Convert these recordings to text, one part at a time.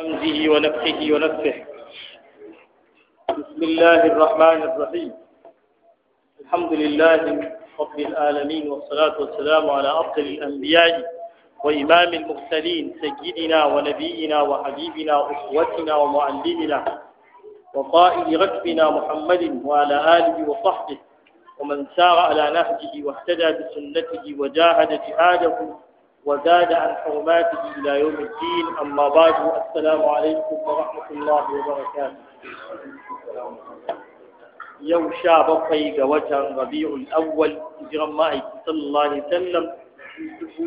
بحمده ونفخه ونفخه بسم الله الرحمن الرحيم الحمد لله رب العالمين والصلاة والسلام على أفضل الأنبياء وإمام المرسلين سيدنا ونبينا وحبيبنا أخوتنا ومعلمنا وقائد ركبنا محمد وعلى آله وصحبه ومن سار على نهجه واهتدى بسنته وجاهد جهاده وزاد عن حرماته إلى يوم الدين أما بعد السلام عليكم ورحمة الله وبركاته يوم شاب قيق وجه ربيع الأول إجرام معي صلى الله عليه وسلم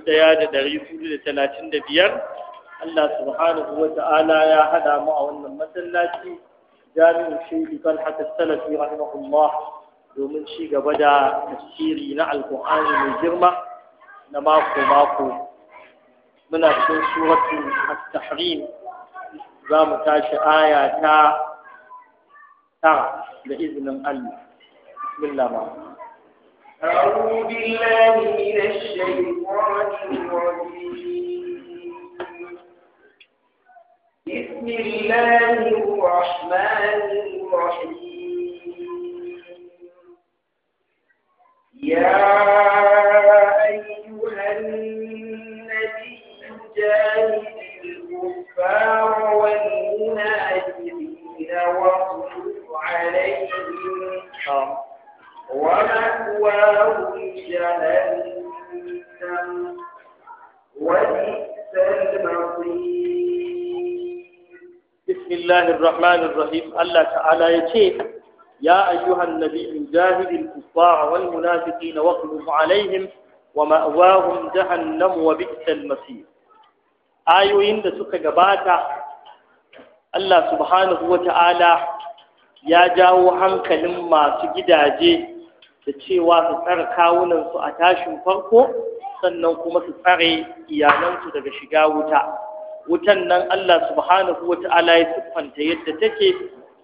يا دريس لثلاثين دبيان الله سبحانه وتعالى يا هذا ما أولنا مثلاتي جامع الشيخ طلحة السلفي رحمه الله domin ci gaba da tafsiri na alkur'ani mai girma na mako-mako من أكثر سورة التحريم بام تاش آية تا بإذن الله بسم الله الرحمن أعوذ بالله من الشيطان الرجيم بسم الله الرحمن الرحيم يا الكفار عليهم ومأواهم جهنم وبئس المصير بسم الله الرحمن الرحيم الله تعالى يتيه يا أيها النبي جاهد الكفار والمنافقين واغلب عليهم ومأواهم جهنم وبئس المصير ayoyin da suka gabata Allah subhanahu wa ta'ala ya jawo hankalin masu gidaje da cewa su tsara kawunansu a tashin farko sannan kuma su tsare iyalansu daga shiga wuta wutan nan Allah subhanahu wa ta'ala ya siffanta yadda take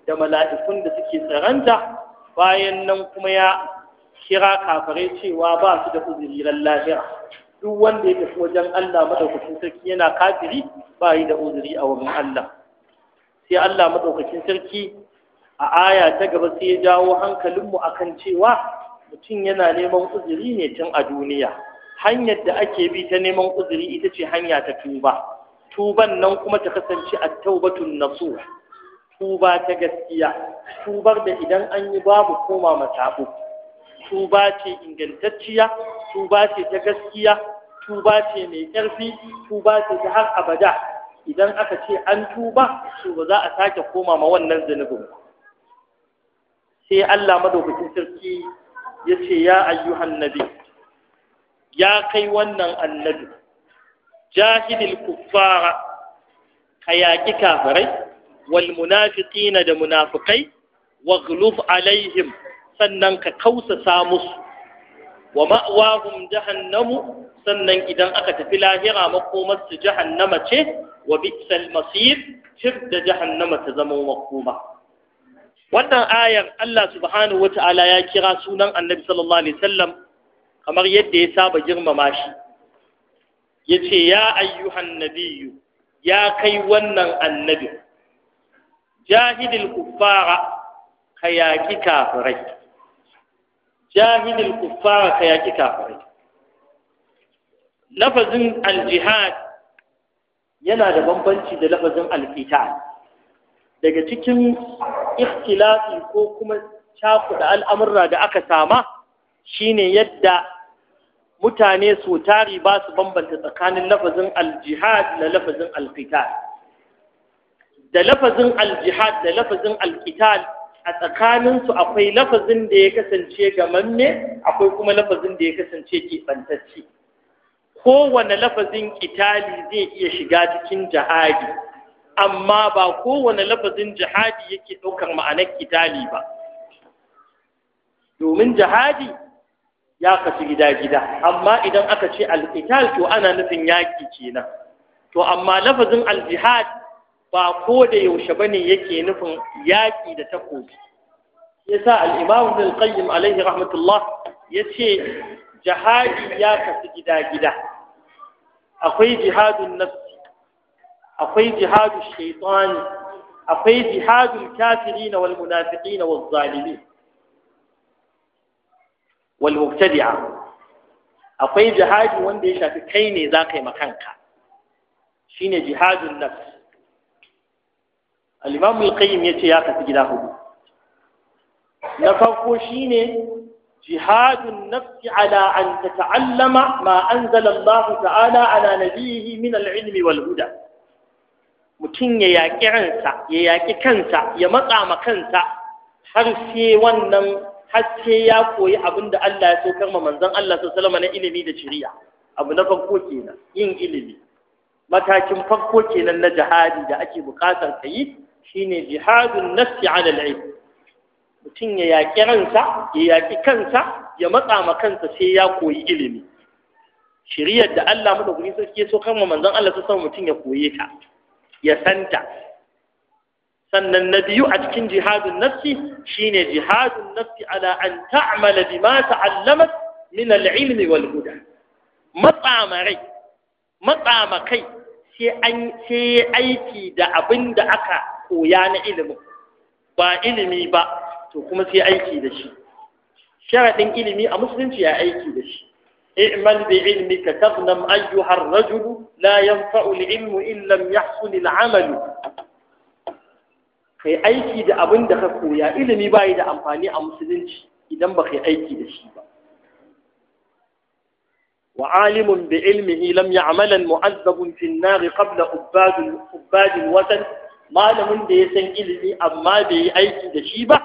da mala'ikun da suke tsaranta bayan nan kuma ya kira kafare cewa ba su da uzuri lahira duk wanda ya tafi wajen Allah madaukakin sarki yana kafiri ba yi da uzuri a wurin Allah sai Allah madaukakin sarki a aya ta gaba sai ya jawo hankalinmu akan cewa mutum yana neman uzuri ne tun a duniya hanyar da ake bi ta neman uzuri ita ce hanya ta tuba tuban nan kuma ta kasance a taubatun nasu tuba ta gaskiya tubar da idan an yi babu koma masabo tuba ce ingantacciya tuba ce ta gaskiya tuba ce mai ƙarfi tuba ce ta har abada idan aka ce an tuba to ba za a sake koma ma wannan zunubin sai Allah madaukakin sarki ya ce ya ayyuhan nabi ya kai wannan annabi jahidil kuffara ka yaƙi kafirai wal munafiqina da munafiqai waghluf alaihim sannan ka kausa musu wa ma'wahum jahannamu sannan idan aka tafi lahira makomarsu su jahannama ce wa bi'sal masir shir da jahannama ta zama makoma wannan ayar Allah subhanahu wata'ala ya kira sunan Annabi sallallahu alaihi wasallam kamar yadda ya saba girmama shi yace ya ayyuhan nabiyyu ya kai wannan annabi jahidil kuffara ka yaki kafirai jahilil kuffara ka yaƙi kafirai lafazin aljihad yana da bambanci da lafazin alqital daga cikin ikhtilafi ko kuma cakuɗa al'amurra da aka sama shine yadda mutane su tari ba su bambanta tsakanin lafazin aljihad da lafazin alqital da lafazin aljihad da lafazin alqital a tsakaninsu akwai lafazin da ya kasance gamamme akwai kuma lafazin da ya kasance keɓantacce kowane lafazin kitali zai iya shiga cikin jihadi amma ba kowane lafazin jihadi yake ɗaukar ma'anar kitali ba domin jihadi ya kasu gida-gida amma idan aka ce alkital to ana nufin yaƙi kenan to amma lafazin aljihad ba ko da yaushe bane yake nufin yaƙi da takobi yasa al-imam ibn al-qayyim alaihi rahmatullah yace jihadi ya kasu gida gida akwai jihadun nafsi akwai jihadun shaytani akwai jihadun kafirin wal munafiqin wal zalimin wal mubtadi'a akwai jihadi wanda ya shafi kai ne za ka yi makanka shine jihadun nafsi al ya ya ce ya kasu gida hudu na farko shi ne jihadun nafsi ala an ta'allama ma anzala Allah ta'ala ala nabihi min al'ilmi ilmi wal huda mutum ya yaƙi ransa ya yaƙi kansa ya matsa ma kansa har sai wannan sai ya koyi abin da Allah ya so karma manzon Allah sallallahu na ilimi da shari'a abu na farko kenan yin ilimi matakin farko kenan na jihadi da ake buƙatar ka yi shine jihadun nafsi ala al mutum ya yaƙi ransa ya yaƙi kansa ya matsa ma kansa sai ya koyi ilimi shiriyar da Allah madaukakin sarki ya so kan manzon Allah ta sama mutum ya koye ta ya santa sannan na biyu a cikin jihadun nafsi shine jihadun nafsi ala an ta'mala bima ta'allamat min al-ilmi wal huda matsa ma rai matsa ma kai sai an sai aiki da abinda aka koya na ilimin ba ilimi ba to kuma sai aiki da shi sharaɗin ilimi a musulunci ya aiki da shi i'mal bi ilmika taghnam ayyuha ar-rajul la yanfa'u al-ilmu in lam yahsul al-amal kai aiki da abin da ka koya ilimi bai da amfani a musulunci idan ba kai aiki da shi ba وعالم بعلمه لم يعمل معذب في النار kabla عباد wasan. malamin da ya san ilimi amma bai yi aiki da shi ba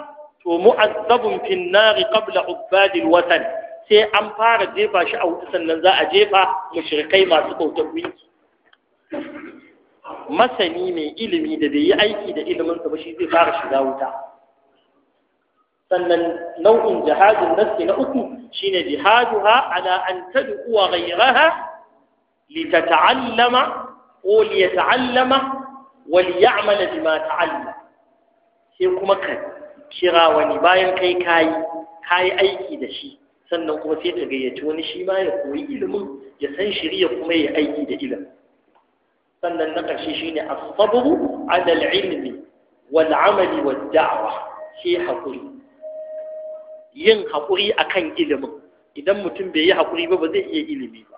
to mu'azzabun fin nari qabla ubadil watan sai an fara jefa shi a wuta sannan za a jefa mushrikai masu kautar gunki masani mai ilimi da bai yi aiki da iliminsa ba shi zai fara shiga wuta sannan nau'in jihadin nafsi na uku shine jihaduha ala an tad'u ghayraha litata'allama ko liyata'allama wal ya'mal bima ta'alla sai kuma ka kira wani bayan kai kayi kayi aiki da shi sannan kuma sai ka gayyaci wani shi ma ya koyi ilimin ya san shiriya kuma ya aiki da ilimin sannan na ƙarshe shine as-sabru 'ala al-'ilmi wal 'amali wad da'wa sai hakuri yin hakuri akan ilimin idan mutum bai yi hakuri ba ba zai iya ilimi ba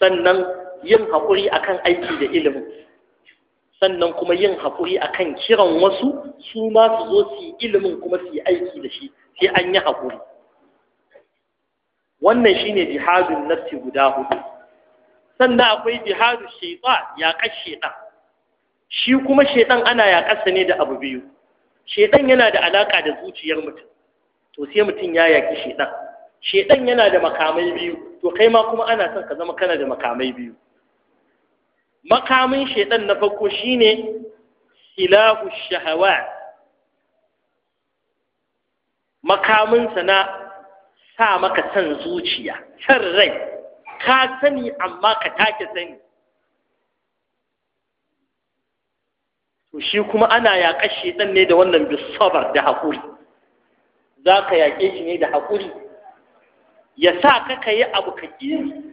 sannan yin hakuri akan aiki da ilimin sannan kuma yin haƙuri akan kiran wasu su ma su zo su yi ilimin kuma su yi aiki da shi sai an yi haƙuri wannan shine jihadun nafsi guda hudu sannan akwai jihadun shaitan yaƙar shaitan shi kuma shaitan ana kasa ne da abu biyu shaitan yana da alaƙa da zuciyar mutum to sai mutum ya yaƙi shaitan shaitan yana da makamai biyu to kai ma kuma ana son ka zama kana da makamai biyu makamin shaidan na farko shine silahu shahawa makaminsa na sa maka san zuciya san rai ka sani amma ka take sani to shi kuma ana yaƙar shaidan ne da wannan bisabar da haƙuri za ka yaƙe shi ne da haƙuri ya sa ka ka yi abu ka ƙi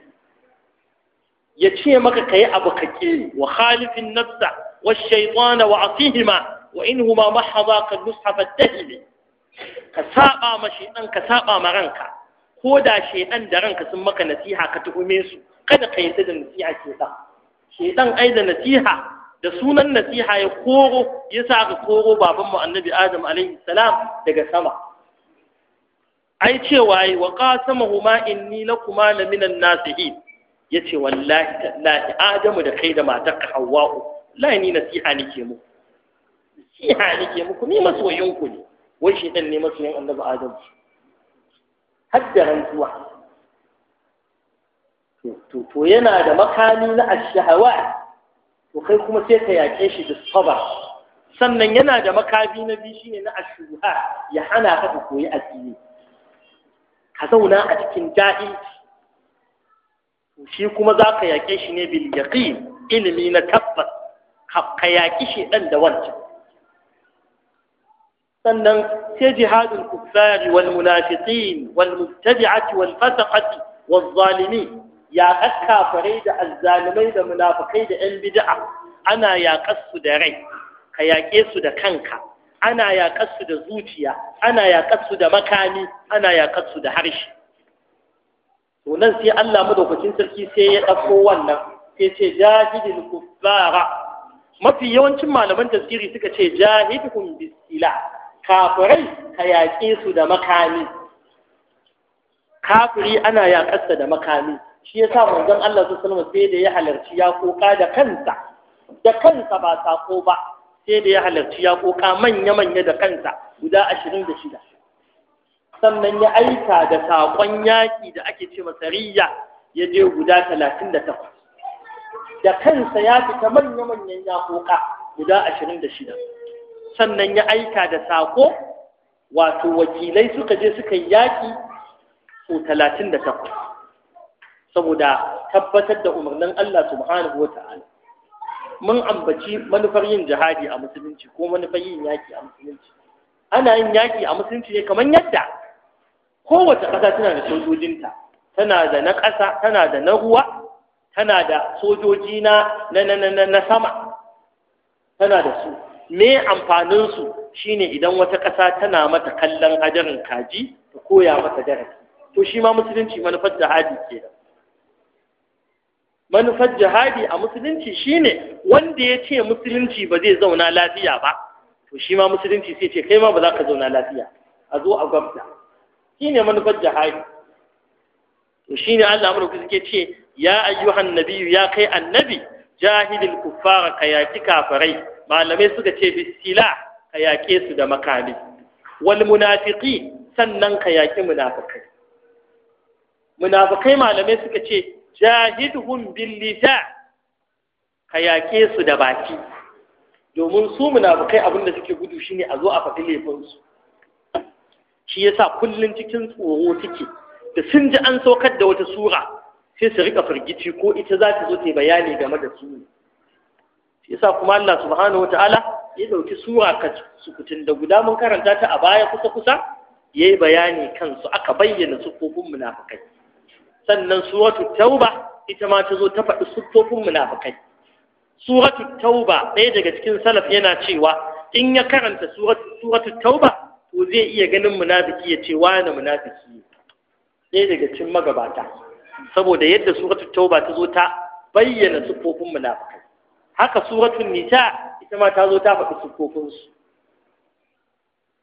ya ce maka ka yi abu ka ƙi wa khalifin nafsa wa shaitana wa asihima wa in huma mahaza ka nushafa dahili ka saba ma shaitan ka saba ma ranka ko da shaitan da ranka sun maka nasiha ka tuhume su kada ka yarda da nasiha shaitan shaitan ai da nasiha da sunan nasiha ya koro ya sa ka koro babanmu annabi adam alaihi salam daga sama ai cewa ai wa qasamahuma inni lakuma la minan nasihin Ya ce wallahi tallahi adamu da kai da matar ka hawwa'u la ni nasiha ke muku nasiha mu muku ni masoyin ku ne wai shedan ne masoyin annabi adamu hadda rantsuwa to to yana da makami na ash to kai kuma sai ka yake shi da sabar sannan yana da makabi na biyu shine na ashuha ya hana ka ka koyi addini ka zauna a cikin jahilci shi kuma za ka yaƙe shi ne bil yaƙin, ilimi na tabbas ka yaƙi shi ɗan da wancan sannan sai wani kuffari wal munafiqin wal mubtadi'ati wal fasaqati wal zalimi ya kakkafarai da azzalimai da munafakai da yan bid'a ana yaƙar su da rai ka yaƙe su da kanka ana yaƙar su da zuciya ana yaƙar su da makami ana yaƙar su da harshe to nan sai Allah madaukakin sarki sai ya ɗauko wannan sai ce jahidul kuffara mafi yawancin malaman tafsiri suka ce jahidhum bisila kafirai ka yaƙe su da makami kafiri ana yaƙarsa da makami shi yasa manzon Allah sallallahu alaihi sai da ya halarci ya koka da kansa da kansa ba sako ba sai da ya halarci ya koka manya manya da kansa guda ashirin da shida sannan ya aika da saƙon yaƙi da ake ce masariya ya je guda talatin da takwas da kansa ya fita manya-manyan yaƙoƙa guda ashirin da shida sannan ya aika da saƙo wato wakilai suka je suka yi yaƙi su talatin da takwas saboda tabbatar da umarnin Allah subhanahu wa ta'ala mun ambaci manufar yin jihadi a musulunci ko manufar yin yaƙi a musulunci ana yin yaƙi a musulunci ne kamar yadda kowace ƙasa tana da sojojinta tana da na ƙasa tana da na ruwa tana da sojoji na na sama tana da su me amfaninsu shine idan wata ƙasa tana mata kallon hadarin kaji ta koya mata darasi to shi ma musulunci manufar jihadi ke da manufar jihadi a musulunci shine wanda ya ce musulunci ba zai zauna lafiya ba to shi ma musulunci sai ce kai ma ba za ka zauna lafiya a zo a gwamna Shi ne manufar jihadi to shi ne Allah amurka suke ce ya ayyuhan nabiyyu ya kai annabi jahilin kuffara ka yaki kafarai. malamai suka ce bisila ka yake su da makami wal munafiqi sannan ka yaki munafikai munafikai malamai suka ce jahidhum bil lisan ka yake su da baki domin su munafikai abinda suke gudu shine a zo a faɗi laifinsu shi yasa kullum cikin tsoro take da sun ji an saukar da wata sura sai su rika firgici ko ita za ta zo ta bayani game da su shi yasa kuma Allah subhanahu wataala ya ɗauki sura ka sukutun da guda mun karanta ta a baya kusa kusa yayi bayani kansu aka bayyana sufofin munafikai sannan suratul tauba ita ma ta zo ta faɗi sufofin munafikai suratul tauba ɗaya daga cikin salaf yana cewa in ya karanta suratul tauba ko zai iya ganin munafiki ya ce wani munafiki ɗaya daga cin magabata saboda yadda suratul tauba ta zo ta bayyana sukofin munafiki haka suratul nisa ita ma ta zo ta faɗi siffofin su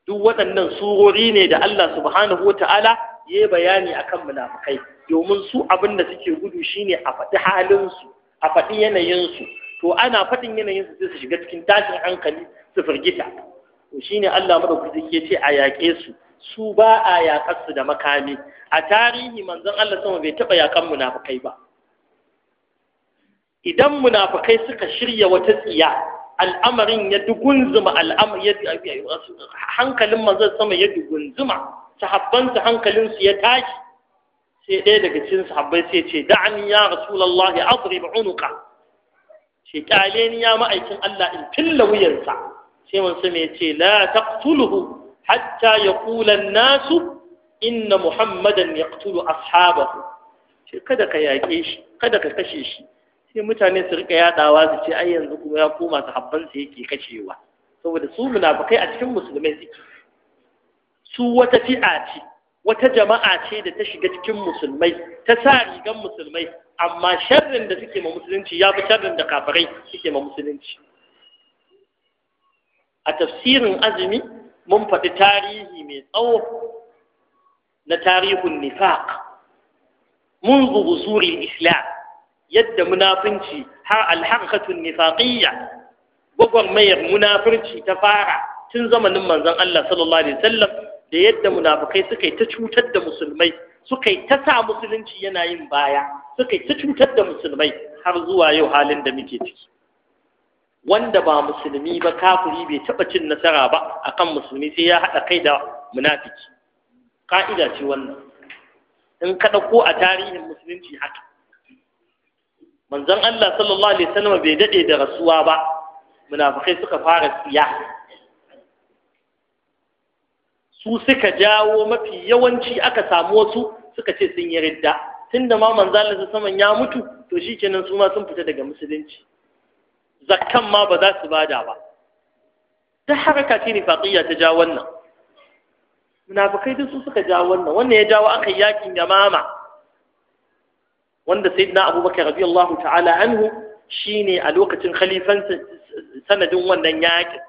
duk waɗannan surori ne da Allah subhanahu ta'ala ya yi bayani akan munafikai domin su abin da suke gudu shine a faɗi halin a faɗi yanayin su to ana faɗin yanayin su sai su shiga cikin tashin hankali su firgita to shine Allah madaukaki ya ce a yaƙe su su ba a yaƙar da makami a tarihi manzon Allah sama bai taɓa yaƙan munafukai ba idan munafukai suka shirya wata tsiya al'amarin ya dugunzuma hankalin manzon sama ya dugunzuma sahabban su hankalin su ya tashi sai ɗaya daga cikin sahabbai sai ce da'ani ya rasulullahi adrib unuka shi kyale ni ya ma'aikin Allah in filla wuyansa sai manzo ya ce la taqtuluhu hatta yaqula an-nasu inna muhammadan yaqtulu ashabahu ce kada ka yaƙe shi kada ka kashe shi sai mutane su rika yaɗawa su ce ai yanzu kuma ya koma sahabban sa yake kashewa saboda su munafikai a cikin musulmai suke su wata fi'a ce wata jama'a ce da ta shiga cikin musulmai ta sa rigan musulmai amma sharrin da suke ma musulunci ya fi sharrin da kafirai suke ma musulunci a tafsirin azumi mun faɗi tarihi mai tsawo na tarihin nifaq Mun ظهور zurin Islam. Yadda ها har النفاقية nifaqiyya, gwagwarmayar منافنشي ta fara tun zamanin الله Allah الله da yadda munafukai suka yi ta cutar da musulmai suka yi ta sa musulunci yana yin baya suka yi ta cutar da musulmai har zuwa yau halin da muke ciki wanda ba musulmi ba kafiri bai taɓa cin nasara ba akan musulmi sai ya haɗa kai da munafiki ka'ida ce wannan in ka ɗauko a tarihin musulunci haka manzon Allah sallallahu alaihi wasallam bai daɗe da rasuwa ba munafikai suka fara tsiya su suka jawo mafi yawanci aka samu wasu suka ce sun yi ridda tunda ma manzon Allah sallallahu alaihi wasallam ya mutu to shikenan su ma sun fita daga musulunci zakkan ma ba za su bada ba ta haraka ce nifaqiyya ta jawo wannan munafikai duk su suka ja wannan wannan ya jawo aka yakin yamama wanda sayyidina abubakar radiyallahu ta'ala anhu shine a lokacin khalifan sanadin wannan yakin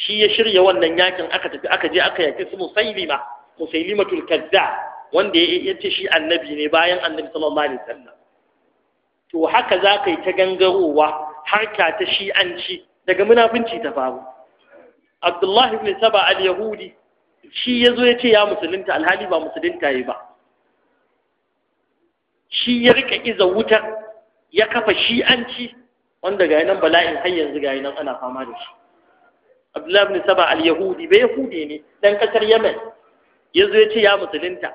shi ya shirya wannan yakin aka tafi aka je aka yaki su musailima musailimatul kadda wanda ya ce shi annabi ne bayan annabi sallallahu alaihi wasallam to haka za ka yi ta gangarowa harka ta shi'anci daga munafunci ta faru abdullahi ibn saba al-yahudi shi ya zo ya ce ya musulunta alhali ba musulunta ya ba shi ya rika iza wutar ya kafa shi'anci wanda ga nan bala'in har yanzu ga nan ana fama da shi abdullahi ibn saba al-yahudi bai yahudi ne dan kasar yemen ya zo ya ce ya musulunta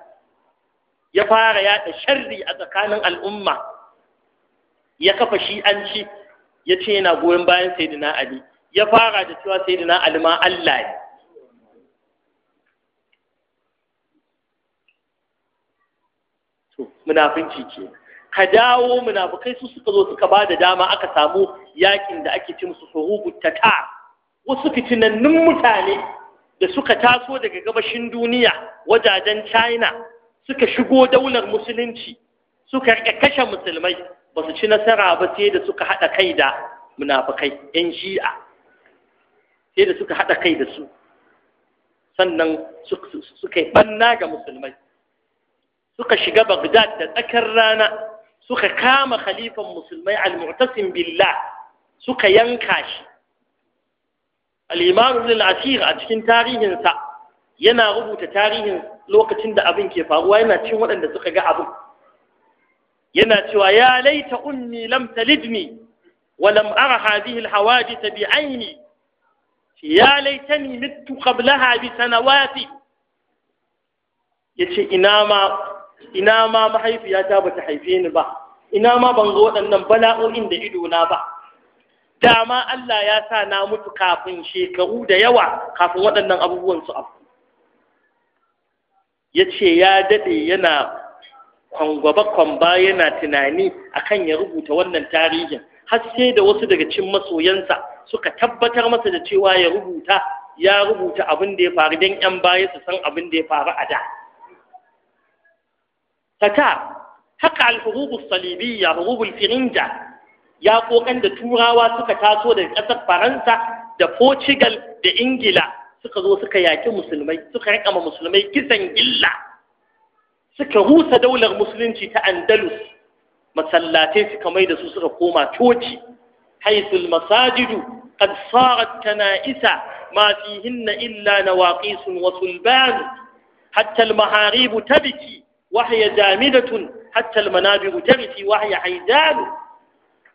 ya fara yaɗa sharri a tsakanin al'umma ya kafa shi'anci ya ce yana goyon bayan sayyidina ali ya fara da cewa sayyidina ali ma Allah ne to munafinci ke ka dawo munafukai su suka zo suka bada dama aka samu yakin da ake ci musu suhubu ta. wasu fitinannun mutane da suka taso daga gabashin duniya wajajen china suka shigo daular musulunci suka kashe musulmai ba su ci nasara ba sai da suka haɗa kai da munafukai yan shi'a sai da suka haɗa kai da su sannan suka yi ɓanna ga musulmai suka shiga Baghdad da tsakar rana suka kama khalifan musulmai al-mu'tasim billah suka yanka shi al-imam ibn al-asir a cikin tarihinsa yana rubuta tarihin lokacin da abin ke faruwa yana cin waɗanda suka ga abin yana cewa ya laita ummi lam talidni wa lam ara hadhihi alhawadith bi aini ya laitani mittu qablaha bi sanawati yace ina ma ina ma mahaifiyata bata haife ni ba ina ma ban ga waɗannan bala'o'in da ido na ba dama Allah ya sa na mutu kafin shekaru da yawa kafin waɗannan abubuwan su abu ya ya dade yana kwangwaba kwamba yana tunani akan ya rubuta wannan tarihin har sai da wasu daga cin masoyansa suka tabbatar masa da cewa ya rubuta ya rubuta abin da ya faru don 'yan baya su san abin da ya faru a da fata haka alhurubus salibiyya hurubul firinja ya kokan da turawa suka taso daga ƙasar faransa da portugal da ingila suka zo suka yaƙi musulmai suka riƙa ma musulmai kisan illa suka rusa daular musulunci ta andalus masallatai suka mai da su suka koma coci haisul masajidu kan tsarar tana isa ma hinna na illa na waƙi sun wasu bayanu hattal maharibu ta biki wahaya jamidatun hattal manabiru ta biki wahaya haidanu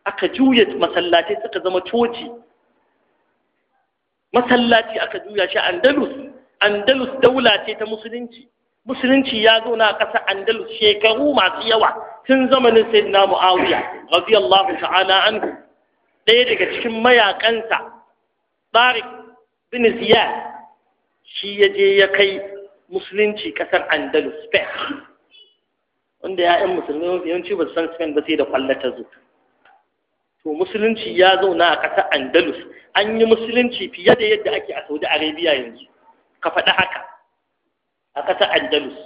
aka juya masallatai suka zama coci masallaci aka juya shi andalus andalus daula ce ta musulunci musulunci ya zauna a ƙasar andalus shekaru masu yawa tun zamanin sayyidina mu'awiya radiyallahu ta'ala anhu ɗaya daga cikin mayakansa tariq bin ziyad shi ya je ya kai musulunci ƙasar andalus spain wanda ya'yan musulmi yawanci ba su san spain ba sai da kwallata zo to musulunci ya zauna a ƙasar andalus an yi musulunci fiye da yadda ake a saudi arabia yanzu ka faɗi haka a ƙasar andalus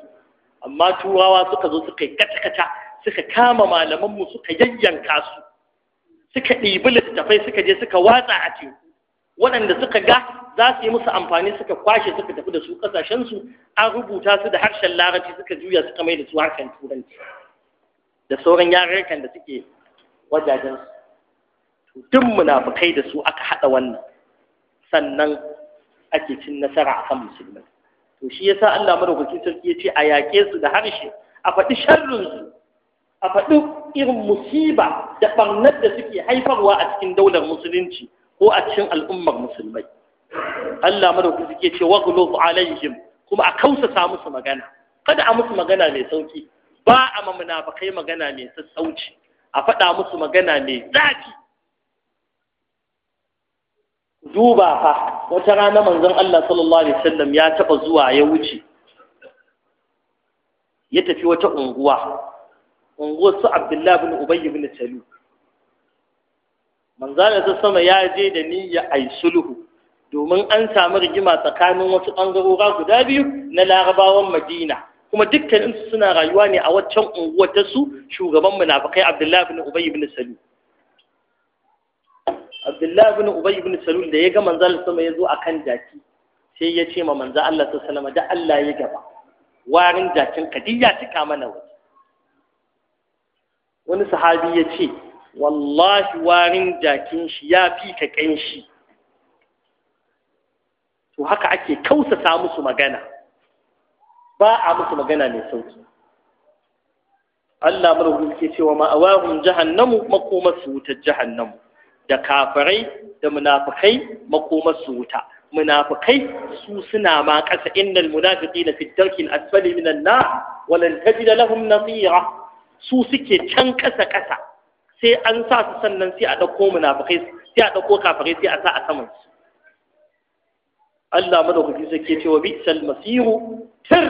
amma turawa suka zo suka yi kata-kata suka kama malamanmu suka yayyanka su suka ɗibi littattafai suka je suka watsa a teku waɗanda suka ga za su yi musu amfani suka kwashe suka tafi da su ƙasashensu an rubuta su da harshen larabci suka juya suka mai da su harkar turanci da sauran yarurrukan da suke wajajensu duk munafukai da su aka haɗa wannan sannan ake cin nasara a kan musulmai to shi yasa Allah madaukaki sarki yace a yaƙe su da harshe a faɗi sharrin su a faɗi irin musiba da ɓarnar da suke haifarwa a cikin daular musulunci ko a cikin al'ummar musulmai Allah madaukaki sarki ya ce alaihim kuma a kausasa musu magana kada a musu magana mai sauki ba a ma magana mai sassauci a faɗa musu magana mai zafi duba fa wata rana manzon Allah sallallahu alaihi wasallam ya taba zuwa ya wuce ya tafi wata unguwa unguwar su Abdullahi bin Ubay bin Salul manzon Allah sama ya je da niyya ai sulhu domin an samu rigima tsakanin wasu bangarora guda biyu na Larabawan Madina kuma dukkaninsu suna rayuwa ne a waccan unguwar ta su shugaban munafikai Abdullahi bin Ubay bin Salul abdullahi bin ubay ibn salul da ya ga manzo Allah sama ya zo akan jaki sai ya ce ma manzo Allah sallallahu alaihi da Allah ya gaba warin jakin kadiyya cika mana waje wani sahabi ya ce wallahi warin jakin shi ya fi ka kanshi to haka ake kausata musu magana ba a musu magana mai sauki Allah marhum ke cewa ma'awahum jahannamu makomar su wutar jahannamu da kafirai da munafikai makomar su wuta munafikai su suna ma ƙasa innal munafiqina fi darkil asfali minan nar walan tajid lahum nasira su suke can ƙasa ƙasa sai an sa su sannan sai a ɗauko munafikai sai a ɗauko kafirai sai a sa a saman su Allah madaukaki sake cewa bi'sal masiru tir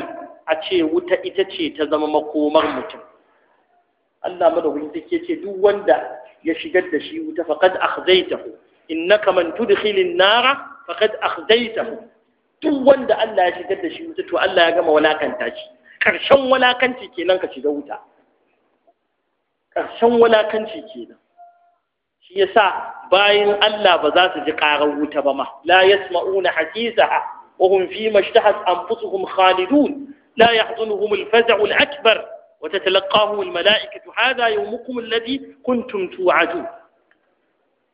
a ce wuta ita ce ta zama makomar mutum Allah madaukaki sake ce duk wanda ya shigar da shi wuta faqad akhzaytahu innaka man tudkhilin nara faqad akhzaytahu duk wanda Allah ya shigar da shi wuta to Allah ya gama walakanta shi karshen walakanci kenan ka shiga wuta karshen walakanci kenan shi yasa bayan Allah ba za su ji ƙarar wuta ba ma la yasma'una hasisaha wa hum fi mashtahat anfusuhum khalidun la yahzunuhum al-faza'u al-akbar وتتلقاه الملائكة هذا يومكم الذي كنتم توعدون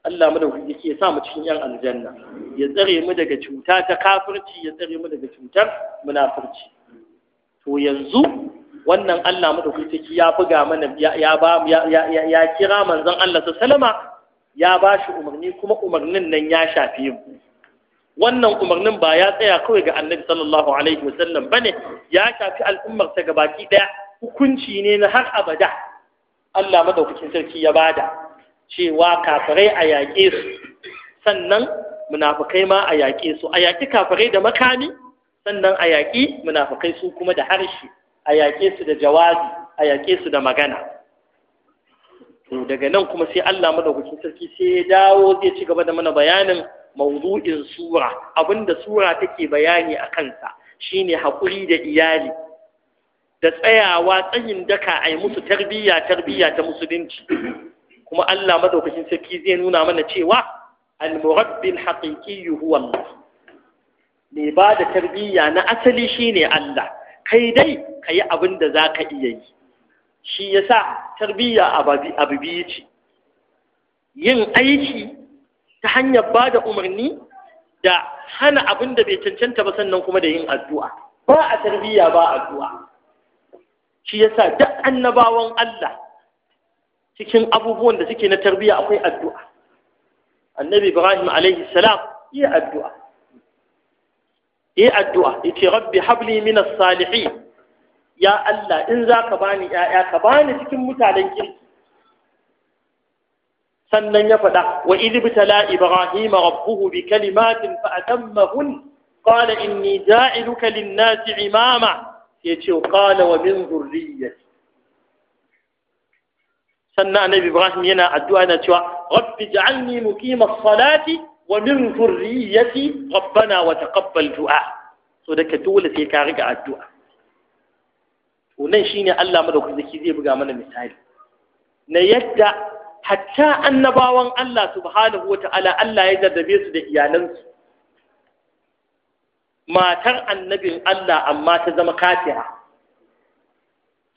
Allah madauki yake sa mu cikin yan aljanna ya tsare mu daga cuta ta kafirci ya tsare mu daga cutar munafurci to yanzu wannan Allah madauki take ya buga mana ya ba ya kira manzon Allah sallama ya ba shi umarni kuma umarnin nan ya shafe mu wannan umarnin ba ya tsaya kawai ga annabi sallallahu alaihi wasallam bane ya shafi al'ummar ta gabaki daya hukunci ne na har abada Allah madaukakin sarki ya bada cewa kafirai a yaƙe su sannan munafukai ma a yaƙe su a yaƙi kafirai da makami sannan a yaƙi munafukai su kuma da harshe a yaƙe su da jawabi a yaƙe su da magana to daga nan kuma sai Allah madaukakin sarki sai ya dawo zai ci gaba da mana bayanin mawdu'in sura abinda sura take bayani a kansa shine haƙuri da iyali da tsayawa tsayin daka a yi musu tarbiyya tarbiyya ta musulunci kuma Allah madaukakin sarki zai nuna mana cewa al-murabbil haqiqi huwa Allah ne ba da tarbiyya na asali shine Allah kai dai kayi abin da zaka iya yi shi yasa tarbiyya abu biyu ce yin aiki ta hanyar ba da umarni da hana abin da bai cancanta ba sannan kuma da yin addu'a ba a tarbiyya ba addu'a shi yasa duk annabawan Allah cikin abubuwan da suke na tarbiyya akwai addu'a annabi ibrahim alaihi salam yi addu'a yi addu'a yace rabbi habli min as-salihin ya Allah in zaka bani yaya ka bani cikin mutanen kirki sannan ya faɗa wa idibtala ibrahim rabbuhu bi kalimatin fa atammahun qala inni ja'iluka lin-nasi imama ya ce wa min zurriyyati sannan annabi ibrahim yana addu'a yana cewa rabbi ja'alni muqima salati wa min zurriyyati rabbana wa taqabbal du'a so da ka dole sai ka riga addu'a to nan shine Allah madaukaki zai buga mana misali na yadda hatta annabawan Allah subhanahu wa ta'ala Allah ya jarrabe su da iyalansu matar annabin Allah amma ta zama kafira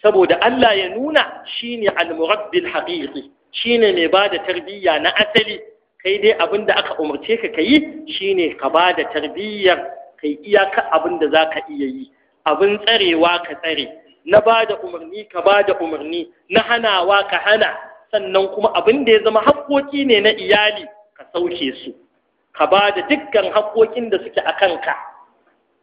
saboda Allah ya nuna shine al-murabbil haqiqi shine mai bada tarbiyya na asali kai dai abinda aka umarce ka kayi shine ka bada tarbiyyar kai iyaka abin abinda zaka iya yi abin tsarewa ka tsare na bada umarni ka bada umarni na hanawa ka hana sannan kuma abinda ya zama haƙƙoƙi ne na iyali ka sauke su ka bada dukkan haƙƙoƙin da suke a kanka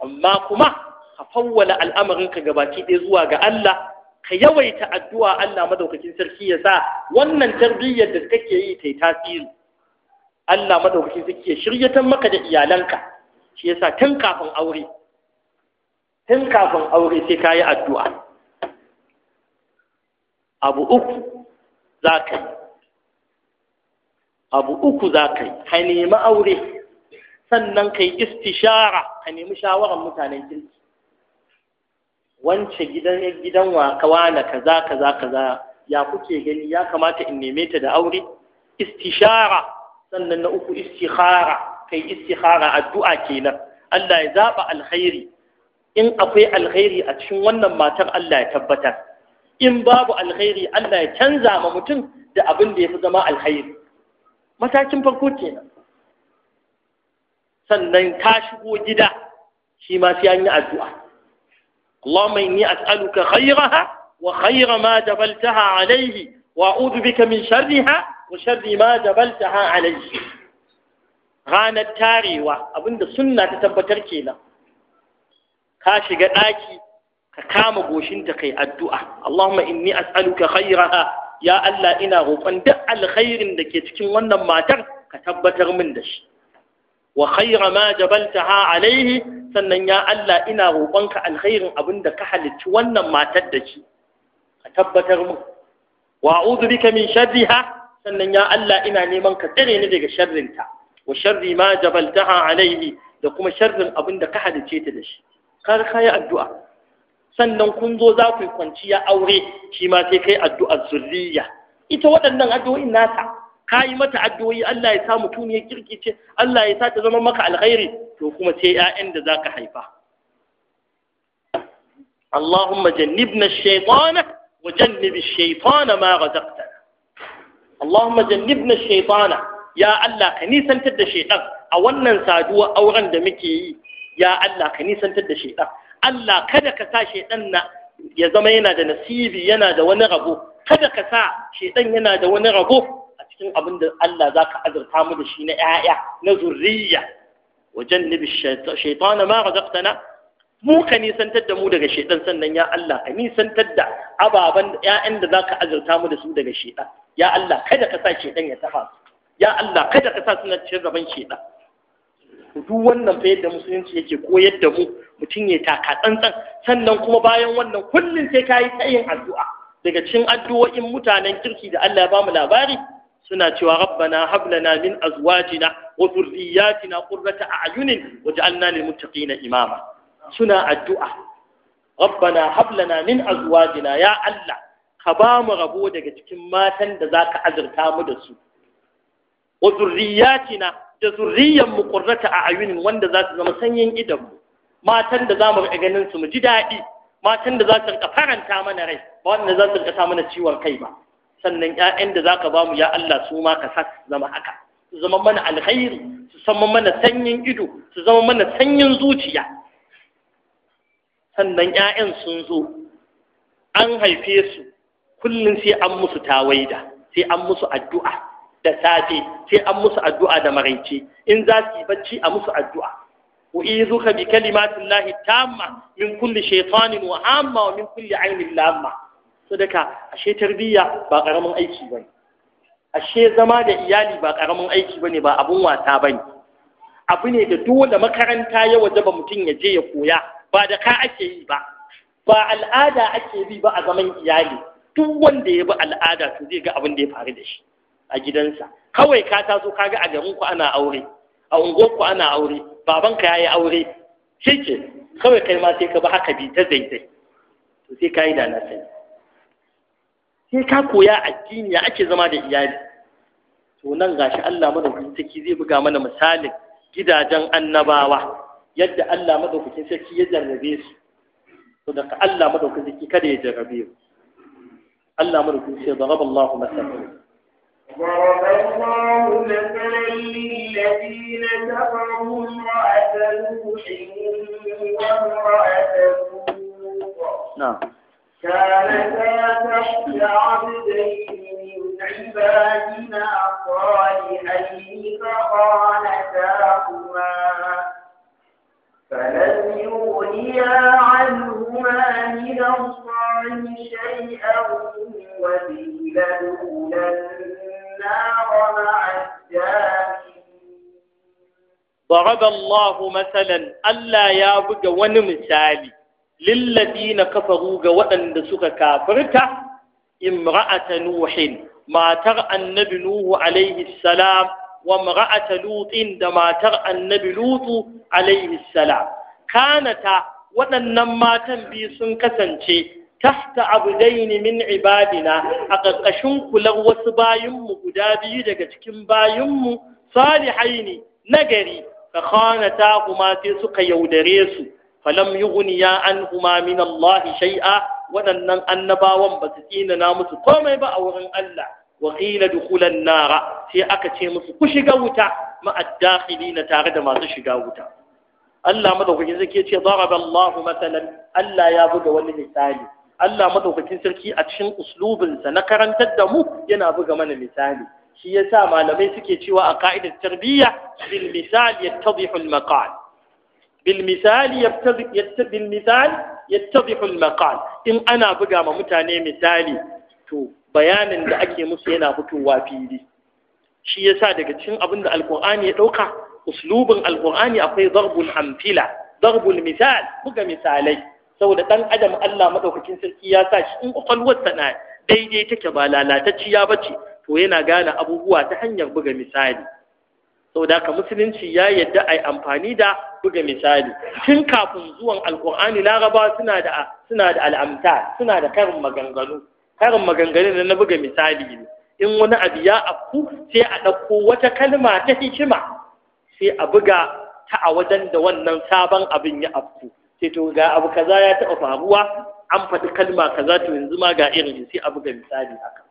amma kuma ka fawwala al'amarin ka gabaki ɗaya zuwa ga Allah ka yawaita addu'a Allah madaukakin sarki ya sa wannan tarbiyyar da kake yi ta yi tasiri Allah madaukakin sarki ya ta maka da iyalanka shi yasa tun kafin aure tun kafin aure sai ka yi addu'a abu uku za ka yi abu uku za ka yi ka nemi aure sannan kai istishara ka nemi shawarar mutanen kirki wance gidan gidan wa kawana kaza kaza kaza ya kuke gani ya kamata in neme ta da aure istishara sannan na uku istikhara kai istikhara addu'a kenan Allah ya zaba alkhairi in akwai alkhairi a cikin wannan matar Allah ya tabbatar in babu alkhairi Allah ya canza ma mutum da abin da ya fi zama alkhairi matakin farko kenan sannan ka shigo gida shi ma sai an yi addu'a Allahumma inni as'aluka khayraha wa khayra ma dabaltaha alayhi wa a'udhu bika min sharriha wa sharri ma dabaltaha alayhi ranar tarewa abinda sunna ta tabbatar kenan ka shiga daki ka kama goshinta kai addu'a Allahumma inni as'aluka khayraha ya Allah ina roƙon duk alkhairin da ke cikin wannan matar ka tabbatar min da shi wa khayra ma jabaltaha alaihi sannan ya Allah ina roƙonka alkhairin abin da ka halicci wannan matar da shi ka tabbatar mu wa a'udhu bika min sharriha sannan ya Allah ina neman ka tsare ni daga sharrinta wa sharri ma jabaltaha alaihi da kuma sharrin abin da ka halicce ta da shi kar ka yi addu'a sannan kun zo za ku kwanciya aure shi ma sai kai addu'ar zurriya ita waɗannan addu'o'in nasa ka yi mata addu'o'i Allah ya sa mutum ya ce Allah ya sa ta zama maka alkhairi to kuma sai ƴaƴan da zaka haifa Allahumma jannibna ash-shaytana wa jannib ash-shaytana ma razaqtana Allahumma jannibna ash-shaytana ya Allah ka nisantar da shaytan a wannan saduwa auren da muke yi ya Allah ka nisantar da shaytan Allah kada ka sa shaytan na ya zama yana da nasibi yana da wani rabo kada ka sa shaytan yana da wani rabo cikin abin da Allah za ka azurta mu da shi na ‘ya'ya na zurriya wajen nabi shaitana ma razaqtana mu ka nisantar da mu daga shaitan sannan ya Allah ka nisantar da ababen ‘ya'yan da za ka azurta mu da su daga shaitan ya Allah kada ka sa shaitan ya tafa ya Allah kada ka sa suna cikin rabon shaitan duk wannan fa yadda musulunci yake koyar da mu mutum ya taka tsantsan sannan kuma bayan wannan kullum sai ka yi tsayin addu'a daga cikin addu'o'in mutanen kirki da Allah ya ba mu labari suna cewa rabbana hab lana min azwajina wa dhurriyyatina qurrata a'yunin waj'alna lil muttaqina imama suna addu'a rabbana hab lana min azwajina ya Allah ka ba mu rabo daga cikin matan da zaka azurta mu da su wa dhurriyyatina da zurriyan mu qurrata a'yunin wanda za su zama sanyin idan mu matan da za mu ga ganin su mu ji daɗi matan da za su rika faranta mana rai ba wanda za su rika mana ciwon kai ba sannan 'ya'yan da zaka bamu ya Allah su ma ka sa zama haka su zama mana alkhairi su zama mana sanyin ido su zama mana sanyin zuciya sannan 'ya'yan sun zo an haife su kullum sai an musu tawaida sai an musu addu'a da safe sai an musu addu'a da maraice in za su yi bacci a musu addu'a bi وإيذك بكلمات min التامة من wa amma wa min kulli عين lamma. sadaka ashe tarbiyya ba karamin aiki bane ashe zama da iyali ba karamin aiki bane ba abun wasa bane abu ne da dole makaranta ya waje ba mutum ya je ya koya ba da ka ake yi ba ba al'ada ake bi ba a zaman iyali duk wanda ya bi al'ada to zai ga abin da ya faru da shi a gidansa kawai ka taso ka ga a garinku ana aure a unguwarku ana aure babanka ya yi aure shi ke kawai kai ma sai ka bi haka bi ta zaizai to sai ka yi da na sani sai ka koya addini ya ake zama da iyali to nan gashi Allah madaukakin sarki zai buga mana misalin gidajen annabawa yadda Allah madaukakin sarki ya jarrabe su to daga Allah madaukakin sarki kada ya jarrabe su Allah madaukakin sarki daraba Allah masalan ضرب الله مثلا للذين كفروا امرأة نوح وامرأة نعم كانتا تحت عبدين من عبادنا صالحين فخانتاهما فلم يغنيا عنهما من الله شيئا وقيل ادخلا النار مع الداخلين ضرب الله مثلا ألا يابق ونمثالي na kafaru ga waɗanda suka kafirta imra'ata nuhin matar annabi nuhu alaihi salam wa imra'ata lutin da matar annabi lutu alaihi salam kanata waɗannan matan biyu sun kasance tahta abdaini min ibadina a ƙarƙashin kular wasu bayinmu guda biyu daga cikin bayinmu salihaini nagari ka khanata kuma sai suka yaudare su falam yughniya anhuma min Allah waɗannan annabawan ba su tsinana musu komai ba a wurin Allah wa qila dukhulan nara sai aka ce musu ku shiga wuta ma na tare da masu shiga wuta Allah madaukakin sarki ce daraba Allah Allah ya buga wani misali Allah madaukakin sarki a cikin uslubinsa na karantar da mu yana buga mana misali shi yasa malamai suke cewa a ka'idar tarbiyya bil misali yattadihu al maqal بالمثال يتضح بالمثال يتضح المقال إن أنا بقى ما متاني مثالي تو bayanin da ake musu yana fitowa fili shi yasa daga cikin abin da alkur'ani ya dauka uslubin alkur'ani akwai darbul amfila darbul misal buga misalai saboda dan adam Allah madaukakin sarki ya sa shi in kwakwalwar na daidai take ba lalatacciya bace to yana gane abubuwa ta hanyar buga misali saboda ka musulunci ya yadda a amfani da buga misali tun kafin zuwan alkur'ani laraba suna da suna da al'amta suna da karin maganganu karin maganganu na buga misali ne in wani abu ya afku sai a ɗauko wata kalma ta hikima sai a buga ta a wajen da wannan sabon abin ya afku sai to ga abu kaza ya taɓa faruwa an faɗi kalma kaza to yanzu ma ga irin sai a buga misali haka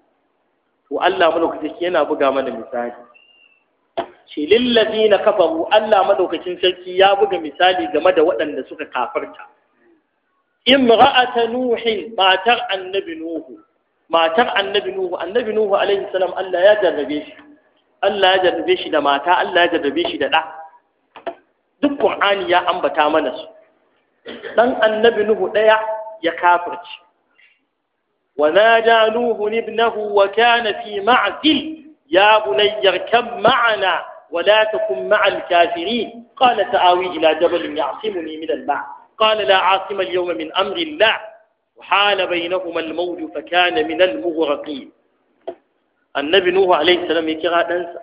to Allah mana yana buga mana misali ce lillazi na kafaru Allah madaukakin sarki ya buga misali game da waɗanda suka kafarta imra'ata nuhin matar annabi nuhu matar annabi nuhu annabi nuhu alaihi salam Allah ya jarrabe shi Allah ya jarrabe shi da mata Allah ya jarrabe shi da ɗa duk Qur'ani ya ambata mana su dan annabi nuhu ɗaya ya kafirci wa nada nuhu ibnahu wa kana fi ma'zil ya bunayya kam ma'ana ولا تكن مع الكافرين قال تعاوي إلى جبل يعصمني من الماء قال لا عاصم اليوم من أمر الله وحال بينهما الموج فكان من المغرقين النبي نوح عليه السلام يكرا ننسى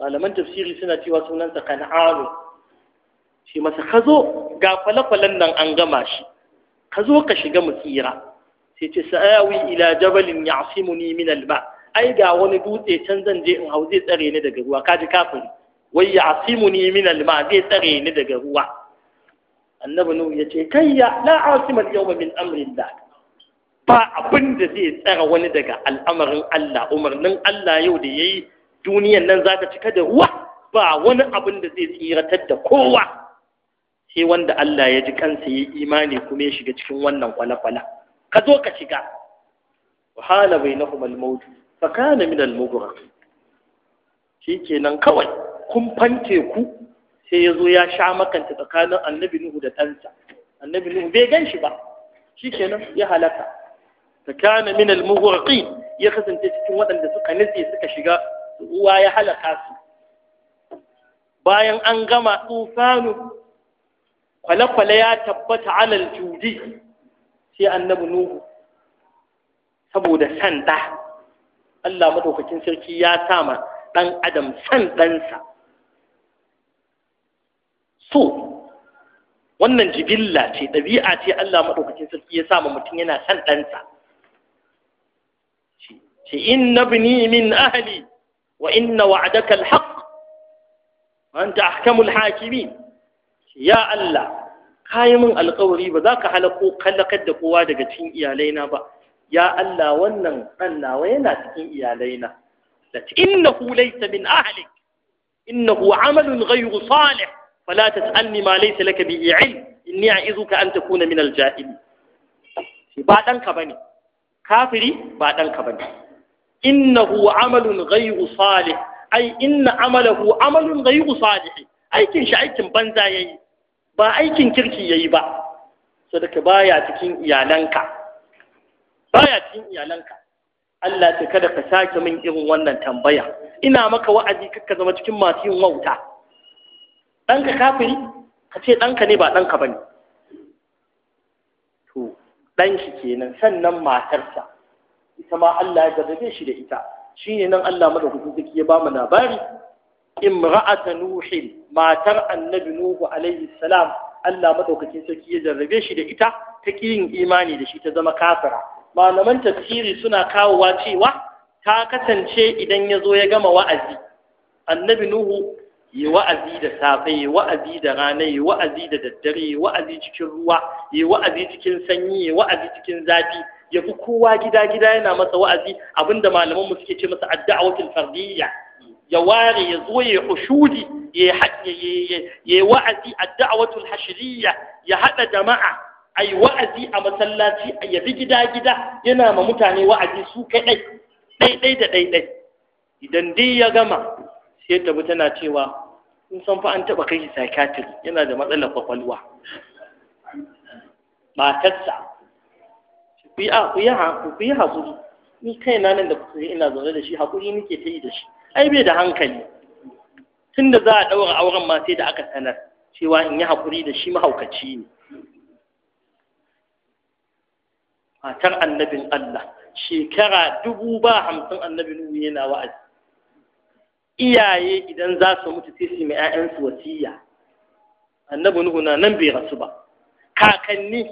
قال من تفسير سنة وسنة قنعان shi masa ka zo ga kwale-kwalen nan an gama shi ka zo ka shiga mu tsira sai ce sa'awi ila jabalin ya'simuni min alba ai ga wani dutse can zan je in hau zai tsare ni daga ruwa kaji kafin wai ya asimuni min alma zai tsare ni daga ruwa annabi nuhu ya ce kai ya la asima al-yawma min ba abin da zai tsara wani daga al'amarin Allah umarnin Allah yau da yayi duniyan nan zaka cika da ruwa ba wani abin da zai tsiratar da kowa sai wanda Allah ya ji kansa yi imani kuma ya shiga cikin wannan kwale kwala ka zo ka shiga wahala bainahum al-mautu fa kana min al-mughraq kawai kun fanke ku sai ya zo ya sha makanta tsakanin annabi nuhu da ɗansa annabi nuhu bai gan shi ba shikenan ya halaka fa kana min al ya kasance cikin waɗanda suka nitse suka shiga ruwa ya halaka su bayan an gama tsufanu kwale-kwale ya tabbata alal judi sai annabi nuhu saboda sanda Allah madaukakin sarki ya sama ɗan adam san ɗansa so wannan jibilla ce ɗabi'a ce Allah maɗaukacin sarki ya sama mutum yana san ɗansa ce in na bini min ahli wa inna wa'adaka alhaq wa anta ahkamul hakimi ya Allah kayi min alƙawari ba za ka halako kallakar da kowa daga cikin iyalaina ba ya Allah wannan ɗan nawa yana cikin iyalaina lat innahu laysa min ahlik innahu amalun ghayru salih fala tas'alni ma laysa laka bi ilm inni a'izuka an takuna min al-jahili shi ba ɗanka bane kafiri ba ɗanka bane innahu amalun ghayru salih ai inna amalahu amalun ghayru salih aikin shi aikin banza yayi ba aikin kirki yayi ba sadaka baya cikin iyalanka baya cikin iyalanka Allah ta kada ka sake min irin wannan tambaya ina maka wa'azi kaka zama cikin masu yin wauta ɗanka kafiri ka ce ɗanka ne ba ɗanka ba ne to ɗanki kenan sannan matarsa ita ma Allah ya gargaje shi da ita shine nan Allah madaukakin sarki ya bamu labari imra'at nuhin matar annabi nuhu alaihi salam Allah madaukakin sarki ya jarrabe shi da ita ta ƙi imani da shi ta zama kafira malaman tafsiri suna kawowa cewa ta kasance idan ya zo ya gama wa'azi annabi nuhu yi wa'azi da safe yi wa'azi da rana yi wa'azi da daddare yi wa'azi cikin ruwa yi wa'azi cikin sanyi yi wa'azi cikin zafi ya fi kowa gida gida yana masa wa'azi abinda malaman mu suke ce masa adda'awatul fardiyya ya ware ya zo ya hushudi ya ya wa'azi adda'awatul hashiriyya ya haɗa jama'a a yi wa'azi a masallaci a yabi gida-gida yana ma mutane wa'azi su kaɗai ɗaiɗai da ɗaiɗai idan dai ya gama sai ta tana cewa in san fa an taɓa kai shi psychiatrist yana da matsalar kwakwalwa matarsa ku yi haƙuri ni kai na nan da kuka ina zaune da shi haƙuri nake ta yi da shi ai bai da hankali tun da za a ɗaura auren ma sai da aka sanar cewa in yi haƙuri da shi mahaukaci ne matar annabin Allah shekara dubu ba hamsin annabin Nuhu yana wa'azi iyaye idan za su mutu sai su mai 'ya'yansu wasiya annabi Nuhu na nan bai rasu ba kakanni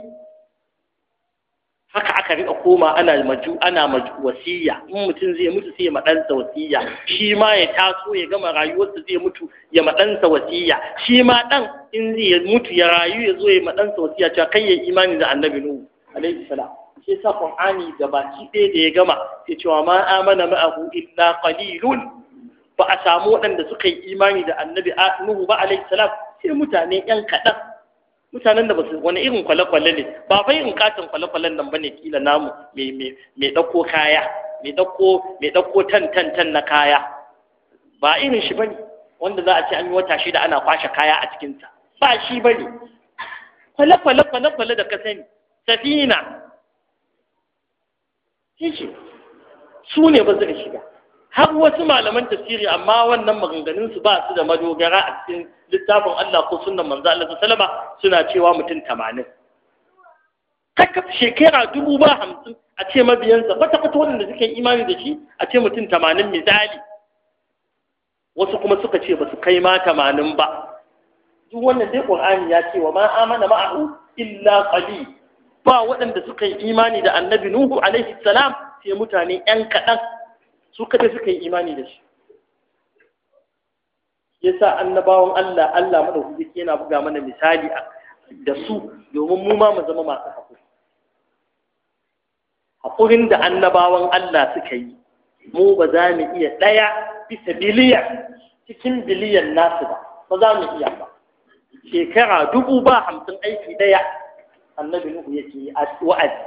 haka aka riƙa koma ana maju ana maju wasiya in mutum zai mutu sai ya ɗansa wasiya shi ma ya taso ya gama rayuwarsa zai mutu ya maɗansa wasiya shi ma dan in zai mutu ya rayu ya zo ya maɗansa wasiya cewa kai ya imani da annabi Nuhu alaihi sala shi sa qur'ani gabaki ɗaya da ya gama ya cewa ma amana ma'ahu illa qalilun ba a samu waɗanda suka yi imani da annabi nuhu ba alaihi salam sai mutane yan kaɗan mutanen da ba su wani irin kwale-kwale ne ba bai in katin kwale-kwalen nan bane kila namu mai ɗauko kaya mai ɗauko mai ɗauko tan tan tan na kaya ba irin shi bane wanda za a ce an yi wata shida ana kwashe kaya a cikin ta. ba shi bane kwale-kwale kwale-kwale da ka sani safina shi su ne ba zai shiga har wasu malaman tafsiri amma wannan maganganun su ba su da madogara a cikin littafin Allah ko sunnan manzo Allah wasallam suna cewa mutum 80 kakaf shekara dubu ba hamsin a ce mabiyansa ta kwata waɗanda suke imani da shi a ce mutum 80 misali wasu kuma suka ce ba su kai ma 80 ba duk wannan dai Qur'ani ya ce wa ma amana ma'ahu illa qalil ba waɗanda suka yi imani da annabi nuhu alaihi salam sai mutane ‘yan kaɗan su kada suka yi imani da shi Ya sa annabawan Allah Allah ke yana buga mana misali da su domin mu ma mu zama masu haƙuri haƙurin da annabawan Allah suka yi mu ba za mu iya ɗaya bisa biliyan cikin biliyan nasu ba ba za mu iya ba shekara dubu ba hamsin aiki ɗaya annabi nuhu yake wa'azi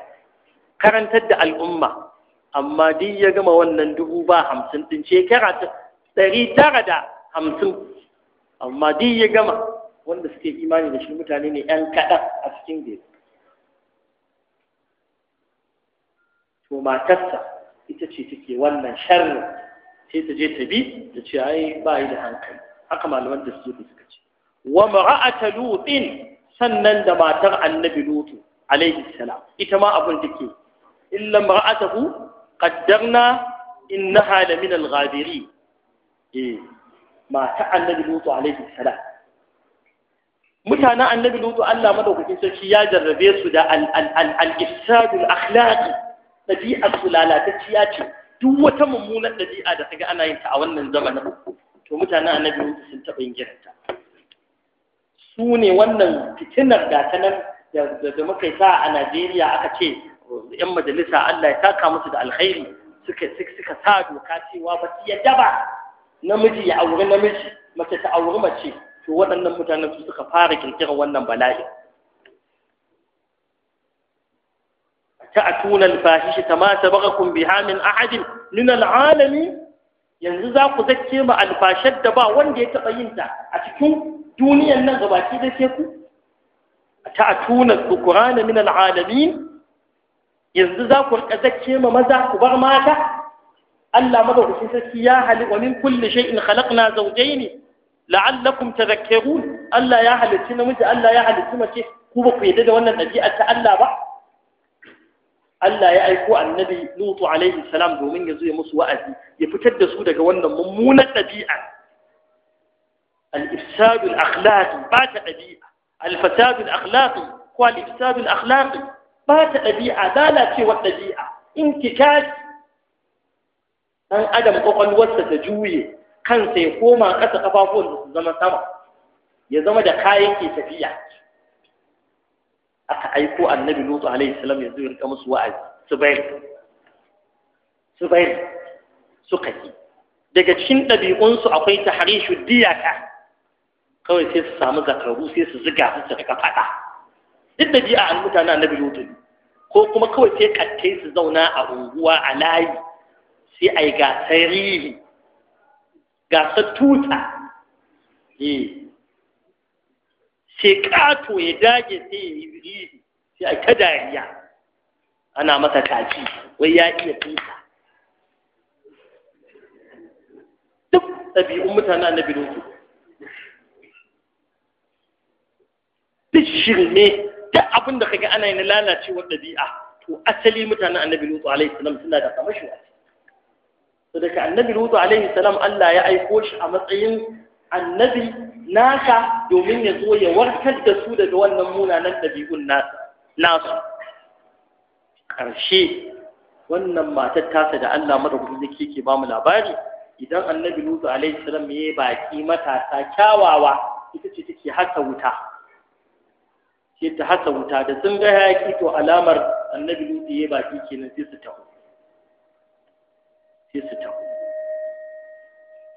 karantar da al'umma amma duk ya gama wannan dubu ba hamsin ɗin shekara ta ɗari tara da hamsin amma duk ya gama wanda suke imani da shi mutane ne ‘yan kaɗan a cikin gari to matarsa ita ce take wannan sharri sai ta je ta bi ta ce ai ba yi da hankali haka malaman da suke suka ce wa mara'ata lutin sannan da matar annabi lutu alaihi salam ita ma abin take illa mar'atahu qaddarna innaha la min al-ghabirin eh mata annabi lutu alaihi salam mutanen annabi lutu Allah madaukakin sarki ya jarrabe su da al-ifsadul akhlaqi su lalatacciya ce duk wata mummunar dabi'a da ta ga ana yin ta a wannan zamanin to mutanen annabi lutu sun taɓa yin girinta. su ne wannan fitinar da ta nan da muka sa a Najeriya aka ce ‘yan majalisa Allah ya taka musu da alkhairi suka suka sa doka cewa ba su yadda ba namiji ya auri namiji mace ta auri mace to waɗannan mutanen su suka fara kirkirar wannan bala'i Ta al-fahishi kama sabaqakum biha min ahadin min al yanzu za ku zakke ma alfashar da ba wanda ya taɓa yin ta a cikin duniyan nan gabaki da teku, sai ku ta'atuna dhukrana min al'adamin, yanzu za ku rika zakke ma maza ku bar mata Allah madaukakin sarki ya hali wa min kulli shay'in khalaqna zawjayn la'allakum tadhakkarun Allah ya halicci namiji Allah ya halicci mace ku ba ku yadda da wannan dabi'a ta Allah ba Allah ya aiko annabi Lutu alaihi salam domin ya zo ya musu wa'azi ya fitar da su daga wannan mummunan dabi'a الإفساد الأخلاقي بات أبيئة الفساد الأخلاقي هو الإفساد الأخلاقي بات أبيئة لا لا سوى الأبيئة انتكاس أن أدم أقل وسط جوية كان سيقوم قد قفافون زمن سما يزمن دقائق تفيع aka aiko annabi lutu alaihi salam yanzu ya rika musu wa'azi subair subair suka yi daga cikin ɗabi'unsu akwai tahrishu diyata kawai sai su samu zakaru sai su ziga su rika faɗa duk da biya an mutane annabi lutu ko kuma kawai sai kattai su zauna a unguwa a layi sai a yi gasar riri gasar tuta eh, sai kato ya dage sai ya yi riri sai a ta dariya ana masa kaci wai ya iya tuta duk ɗabi'un mutane annabi lutu duk shirme duk abin da kaga ana yin lalacewar ɗabi'a to asali mutanen annabi lutu alaihi salam suna da kamar shi to daga annabi lutu alaihi salam Allah ya aiko shi a matsayin annabi nasa domin ya zo ya warkar da su daga wannan munanan ɗabi'un nasu ƙarshe wannan matar tasa da Allah madaukakin zaki yake ba mu labari idan annabi lutu alaihi salam ya baki matasa kyawawa ita ce take haka wuta sai ta hasa wuta da sun ga yaƙi to alamar annabi lutu ya baki kenan sai su taho sai su taho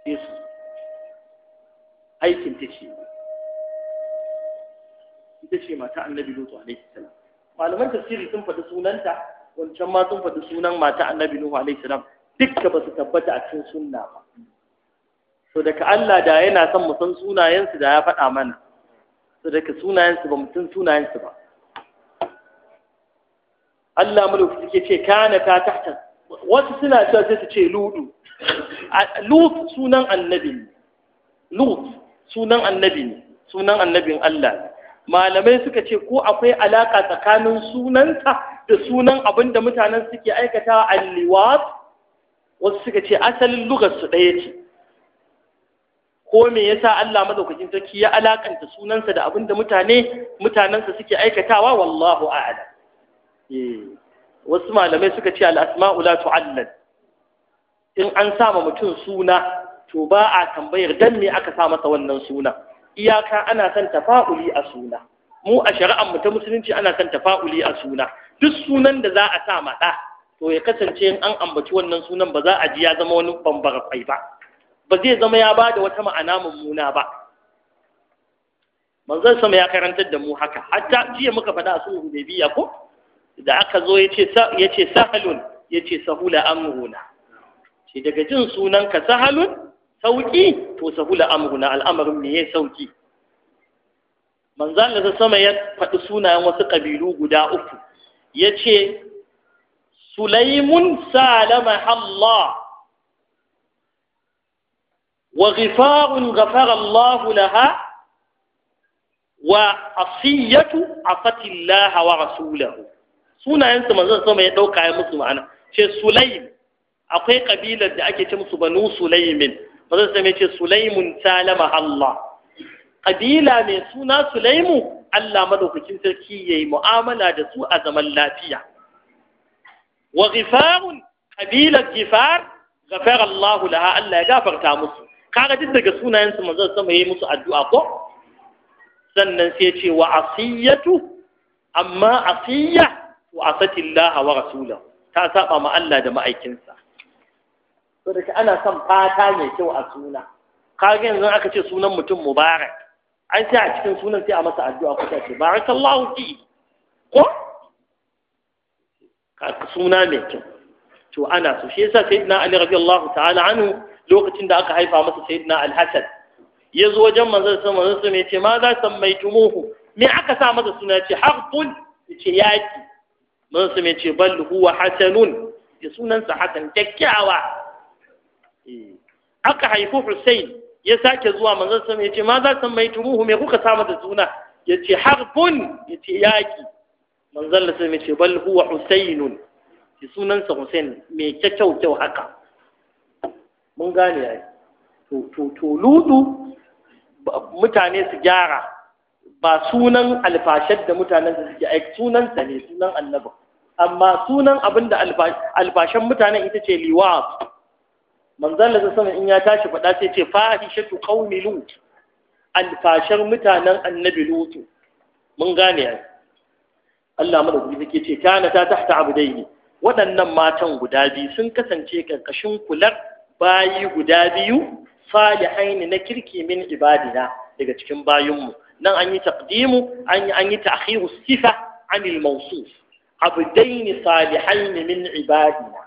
sai su aikin ta ce ita ce mata annabi lutu alaihi salam malaman tafsiri sun faɗi sunanta wancan ma sun faɗi sunan mata annabi nuhu alaihi salam dukka ba su tabbata a cikin sunna ba so daga Allah da yana son mu san sunayensu da ya faɗa mana su daga sunayensu ba mutum sunayensu ba Allah mulki suke ce kana ta tahta wasu suna cewa sai su ce ludu lut sunan annabi ne lut sunan annabi ne sunan annabin Allah malamai suka ce ko akwai alaka tsakanin sunanta da sunan abin da mutanen suke aikata a wasu suka ce asalin lugar su ɗaya ce ko me yasa Allah madaukakin sarki ya alakanta sunansa da abinda mutane mutanansa suke aikatawa wallahu a'lam eh, wasu malamai suka ce al-asma'u la tu'allal in an sama mutum suna to ba a tambayar dan me aka sa masa wannan suna iyaka ana son tafa'uli a suna mu a shari'ar mu ta musulunci ana son tafa'uli a suna duk sunan da za a sa ma to ya kasance in an ambaci wannan sunan ba za a ji ya zama wani bambara kwai ba ba zai zama ya ba da wata ma'ana mummuna ba manzon sama ya karantar da mu haka hatta jiya muka faɗa a sulhu hudaybiya ko da aka zo yace yace sahalun yace sahula amruna shi daga jin sunan ka sahalun sauki to sahula amruna al'amarin me ya sauki manzon da sama ya faɗi sunayen wasu kabilu guda uku yace sulaimun salama Allah وغفار غفر الله لها وعصية عصت الله ورسوله سنة أنت ما زلت ما يدوك على مسلم أنا شيء سليم أقوي قبيلة دعك تمس بنو سليم ما زلت ما شيء سليم سالمها الله قبيلة من سنة سليم الله ملوك تركي معاملة دسوء زمن لا فيها وغفار قبيلة غفار غفر الله لها الله غفر تامسه kaga duk daga sunayen su manzon sama yayi musu addu'a ko sannan sai ya ce wa asiyatu amma asiya wa asatillaha wa rasulahu ta saba ma Allah da ma'aikinsa to da ana son fata mai kyau a suna kaga yanzu aka ce sunan mutum mubarak an sai a cikin sunan sai a masa addu'a ko ta ce barakallahu fi ko Ka suna mai kyau to ana so shi yasa sayyidina Ali radiyallahu ta'ala anhu lokacin da aka haifa masa sayyidina al-hasan ya zo wajen manzon sama manzon sama ce ma za sammaitumuhu me aka sa masa suna ce haqul yace yaki manzon sama ce bal huwa hasanun ya sunansa hasan kyakkyawa eh. aka haifu Hussein ya sake zuwa manzon sama ce ma za sammaitumuhu me kuka sa masa suna yace haqun yace yaki manzon sama ce bal huwa husainun sunansa Hussein me kyau kyau haka mun gane ya yi. to ludu mutane su gyara ba sunan alfashar da mutanen su suke aiki sunan sa ne sunan annabin amma sunan abin da alfashan mutanen ita ce liwat manzan da sama in ya tashi faɗa sai ce fahishatu qaumi lut alfashar mutanen annabi lutu mun gane ya yi. Allah madaukaki take ce kana ta tahta abdaini waɗannan matan guda biyu sun kasance ƙarƙashin kular bayi guda biyu salihaini na kirki min ibadina daga cikin bayinmu nan an yi taqdimu an yi an yi ta'khiru sifa an al mawsuf salihaini min ibadina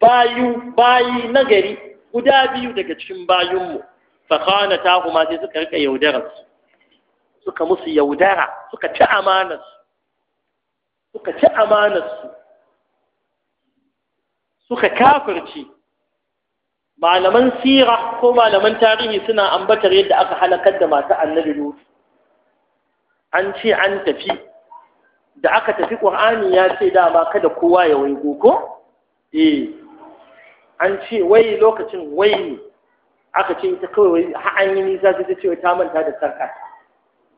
bayu bayi nagari guda biyu daga cikin bayinmu fa kana ta kuma sai suka rika yaudara suka musu yaudara suka ci amanar suka ci amanar suka kafirci malaman sira ko malaman tarihi suna ambatar yadda aka halakar da masu annabi Lut an ce an tafi da aka tafi Qur'ani ya ce dama kada kowa ya waigo ko eh an ce wai lokacin wai ne aka ce ita kawai an yi nisa ta ce ta manta da sarka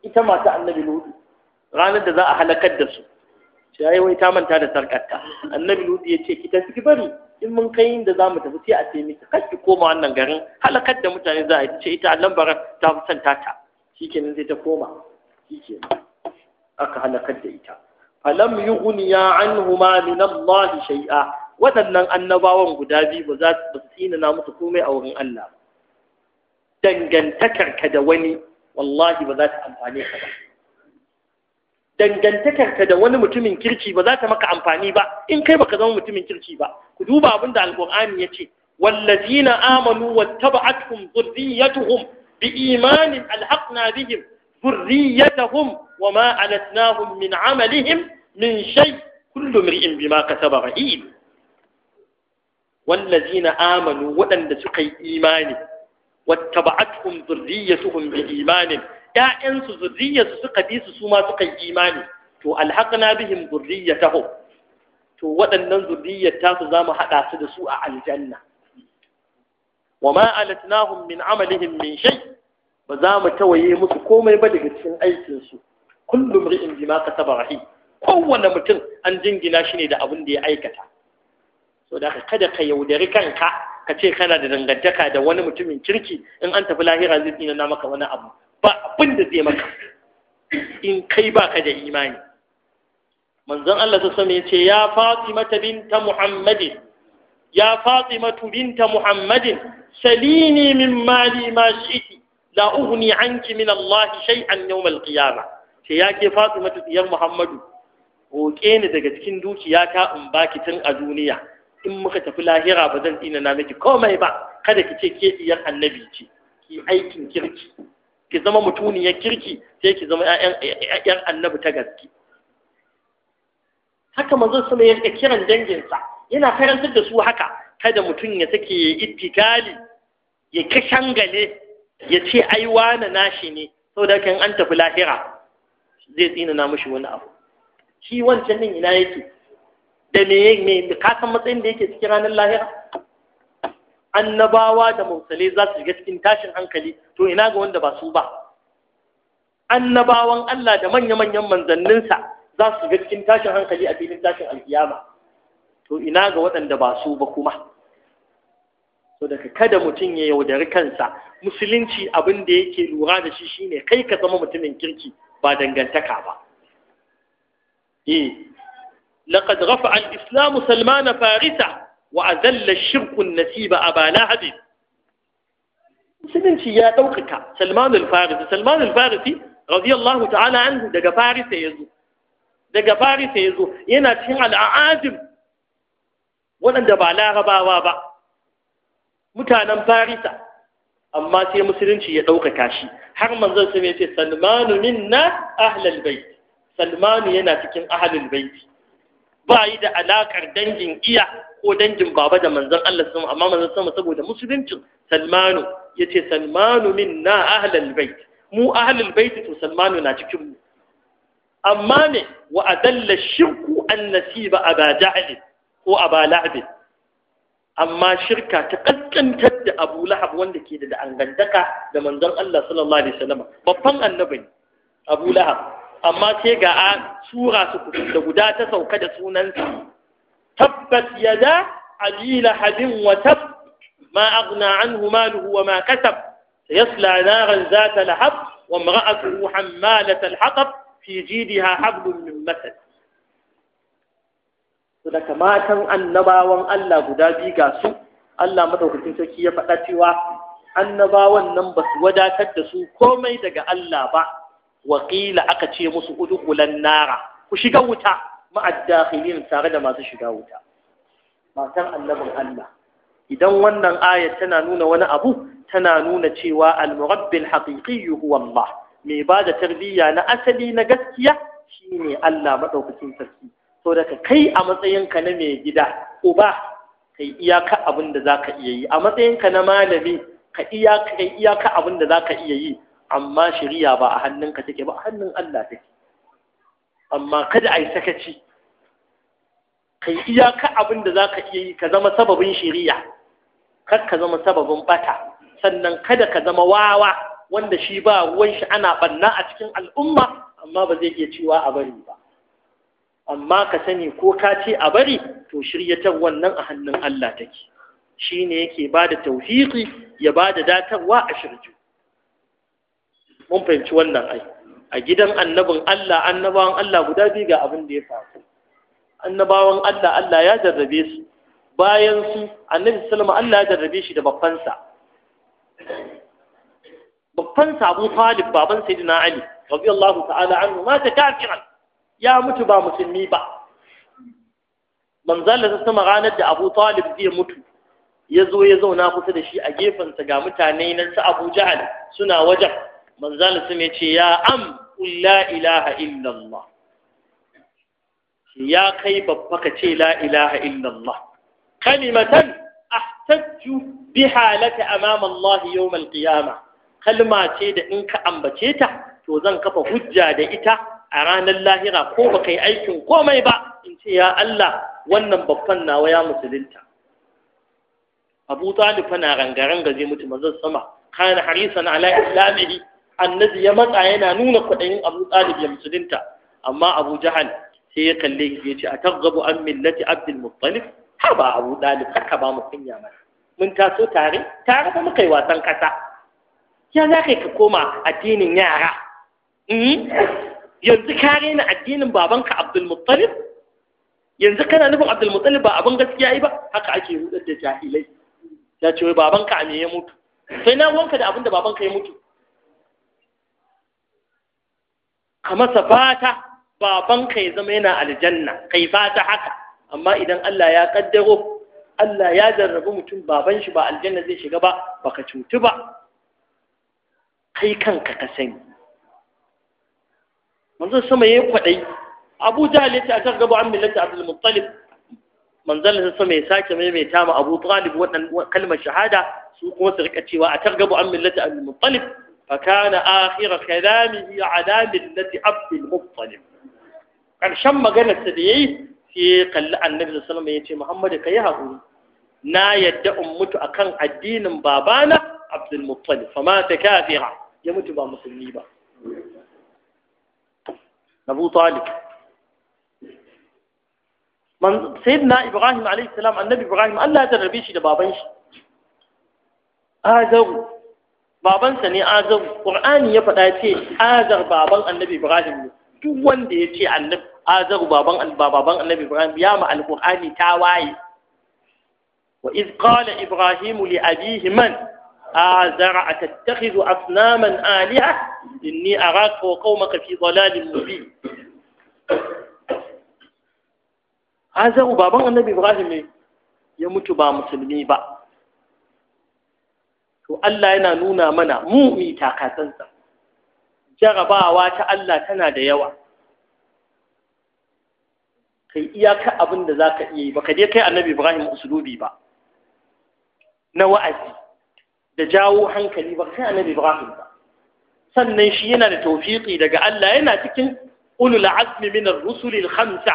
ita masu annabi Lut ranar da za a halakar da su sai wai ta manta da sarkarta annabi Lut ya ce ki tafi ki bari in mun kai inda za mu tafi sai a ce miki kar ki koma wannan garin halakar da mutane za a yi ce ita lambaran ta fi son tata shikenan sai ta koma shikenan aka halakar da ita falam yughniya anhuma min Allah shay'a waɗannan annabawan guda biyu ba za su na musu komai a wurin Allah dangantakar ka da wani wallahi ba za ta amfane ka ba dangantakarka da wani mutumin kirki ba za ta maka amfani ba in kai baka zama mutumin kirki ba ku duba abin da alqur'ani yace wallazina amanu wattaba'atuhum dhurriyyatuhum biimanin alhaqna bihim dhurriyyatahum wama alatnahum min amalihim min shay kullu imri'in bima kasaba rahim wallazina amanu waɗanda suka yi imani wattaba'atuhum dhurriyyatuhum biimanin ‘ya'yansu zurriyarsu suka bi su su ma suka yi imani to alhaqna bihim zurriyatahum to waɗannan zurriyar su za mu haɗa su da su a aljanna wa ma alatnahum min amalihim min shai. ba za mu tawaye musu komai ba daga cikin aikinsu, kullum ri'in bima kasaba rahi. kowanne mutum an jingina shi ne da abin da ya aikata so da ka kada ka yaudari kanka ka ce kana da dangantaka da wani mutumin kirki in an tafi lahira zai tsina maka wani abu ba abin da zai maka in kai ba ka da imani manzon Allah ta sami ce ya fatimata binta muhammadin ya fatimatu binta muhammadin salini min mali ma shi'ti la ughni anki min Allah shay'an yawm al-qiyamah ce ya ke mata diyar muhammadu roke ni daga cikin dukiyata in baki tun a duniya in muka tafi lahira ba zan tsina na miki komai ba kada ki ce ke diyar annabi ce ki aikin kirki ki zama mutuniyar kirki sai ki zama yayan annabi ta gaske haka manzon sama ya rika kiran danginsa yana karantar da su haka kada mutum ya sake ya ittikali ya shangale, ya ce ai wane nashi ne Sau da kan an tafi lahira zai tsina na mushi wani abu shi wancan nan ina yake da me me ka san matsayin da yake cikin ranar lahira annabawa da mursalai za su shiga cikin tashin hankali to ina ga wanda ba su ba annabawan Allah da manya-manyan manzanninsa za su shiga cikin tashin hankali a filin tashin alkiyama to ina ga waɗanda ba su ba kuma to daga kada mutum ya yaudari kansa musulunci abin da yake lura da shi shine kai ka zama mutumin kirki ba dangantaka ba eh laqad rafa al islamu salmana farisa wa azalla shirkun nasiba aba lahabin musulunci ya ɗaukaka salman al-farisi salman al-farisi radiyallahu ta'ala an daga farisa ya zo daga farisa ya zo yana cikin al'ajim waɗanda ba larabawa ba mutanen farisa amma sai musulunci ya ɗaukaka shi har manzon su ce salmanu minna ahlal bait salmanu yana cikin ahlal bait ba yi da alakar dangin iya ko dangin baba da manzon Allah sun amma manzon sama saboda musuluncin Salmanu yace Salmanu minna ahlal bait mu ahlul bait to Salmanu na cikin mu amma ne wa adalla shirku an nasiba aba ja'al ko aba la'ab amma shirka ta kaskantar da Abu Lahab wanda ke da dangantaka da manzon Allah sallallahu alaihi wasallam babban annabi Abu Lahab amma sai ga a sura su da guda ta sauka da sunansa tabbat yada abi Habin wa tab ma aghna anhu maluhu wa ma kasab sayasla naran zata lahab wa imra'atuhu hammalat al fi jidha hablun min masad to daga matan annabawan Allah guda biyu ga su Allah madaukakin sarki ya faɗa cewa annabawan nan ba su wadatar da su komai daga Allah ba waƙila aka ce musu udukulan nara ku shiga wuta ma'addakhilin tare da masu shiga wuta matar annabin Allah idan wannan ayat tana nuna wani abu tana nuna cewa al-murabbil haqiqi huwa Allah mai ba da tarbiyya na asali na gaskiya shine Allah madaukakin sarki so daga kai a matsayinka na mai gida uba kai iyaka abin da zaka iya yi a matsayinka na malami ka iyaka kai iyaka abin da zaka iya yi amma shari'a ba a hannunka take ba a hannun Allah take amma kada a yi sakaci ka yi iyaka abin da za ka iya yi ka zama sababin shiriya kar ka zama sababin bata sannan kada ka zama wawa wanda shi ba ruwan shi ana banna a cikin al'umma amma ba zai iya cewa a bari ba amma ka sani ko ka ce a bari to shiryatar wannan a hannun Allah take shi ne yake ba da ya ba da datarwa a shirju mun fahimci wannan ai a gidan annabin Allah annabawan Allah guda biyu ga abin da ya faru annabawan Allah Allah ya jarrabe su bayan su annabi sallama Allah ya jarrabe shi da babbansa babbansa Abu Talib baban Sayyidina Ali radiyallahu ta'ala anhu mata kafiran ya mutu ba musulmi ba manzala ta sama ranar da Abu Talib zai mutu ya zo ya zauna kusa da shi a gefensa ga mutane nan su Abu Jahal suna wajen manzal sun yace ya am qul la ilaha ya kai babba ka ce la ilaha illallah Allah kalimatan ahtajju biha laka amama Allah yawm al kalma ce da in ka ambace ta to zan kafa hujja da ita a ranar lahira ko ba kai aikin komai ba in ce ya Allah wannan babban nawa ya musulunta Abu Talib na rangaranga zai mutu manzon sama kana harisan ala islamihi annabi ya matsa yana nuna kwaɗayin abu ɗalib ya musulunta amma abu jahal sai ya kalle shi ya ce a tabgabu an millati abdul muttalib ha ba abu ɗalib haka ba mu kunya mana mun taso tare tare ba muka yi wasan ƙasa ya za ka koma addinin yara hmm? yanzu ka rena addinin babanka abdul muttalib yanzu kana nufin abdul muttalib ba abin gaskiya yi ba haka ake rudar da jahilai ya ce wai babanka a me ya mutu sai na wanka da abin da babanka ya mutu ka masa fata babanka ya zama yana aljanna kai fata haka amma idan Allah ya kaddaro Allah ya jarrabi mutum baban shi ba aljanna zai shiga ba baka cutu ba kai kanka ka sani manzon sama yayi kwadai Abu Jahl ya ce a targaba an millata Abdul Muttalib manzon sama ya sake maimaita ma Abu Talib wannan kalmar shahada su kuma su rika cewa a targaba an millata Abdul Muttalib فكان آخر كلامه على ملة عبد المطلب يعني عن شم قال السبيعي في قال النبي صلى الله عليه وسلم محمد كي كيهاقول نا يد أمت أكن الدين بابانا عبد المطلب فمات كافرا يموت بابا مسلمي أبو طالب من سيدنا إبراهيم عليه السلام النبي إبراهيم ألا تربيش لبابيش هذا آه babansa ne azar qur'ani ya faɗa ce azar baban annabi ibrahim ne duk wanda ya ce annabi azar baban baban annabi ibrahim ya ma alqur'ani ta waye wa iz qala ibrahim li abihi man azar atattakhidhu asnaman aliha inni araka wa qaumaka fi dhalalin mubin azar baban annabi ibrahim ne ya mutu ba musulmi ba to Allah yana nuna mana mu mi takatsantsa jarabawa ta Allah tana da yawa kai iyaka abin da za ka iya yi ba ka je kai annabi Ibrahim usulubi ba na wa'azi da jawo hankali ba kai annabi Ibrahim ba sannan shi yana da tawfiqi daga Allah yana cikin ulul azmi min ar-rusul al-khamsa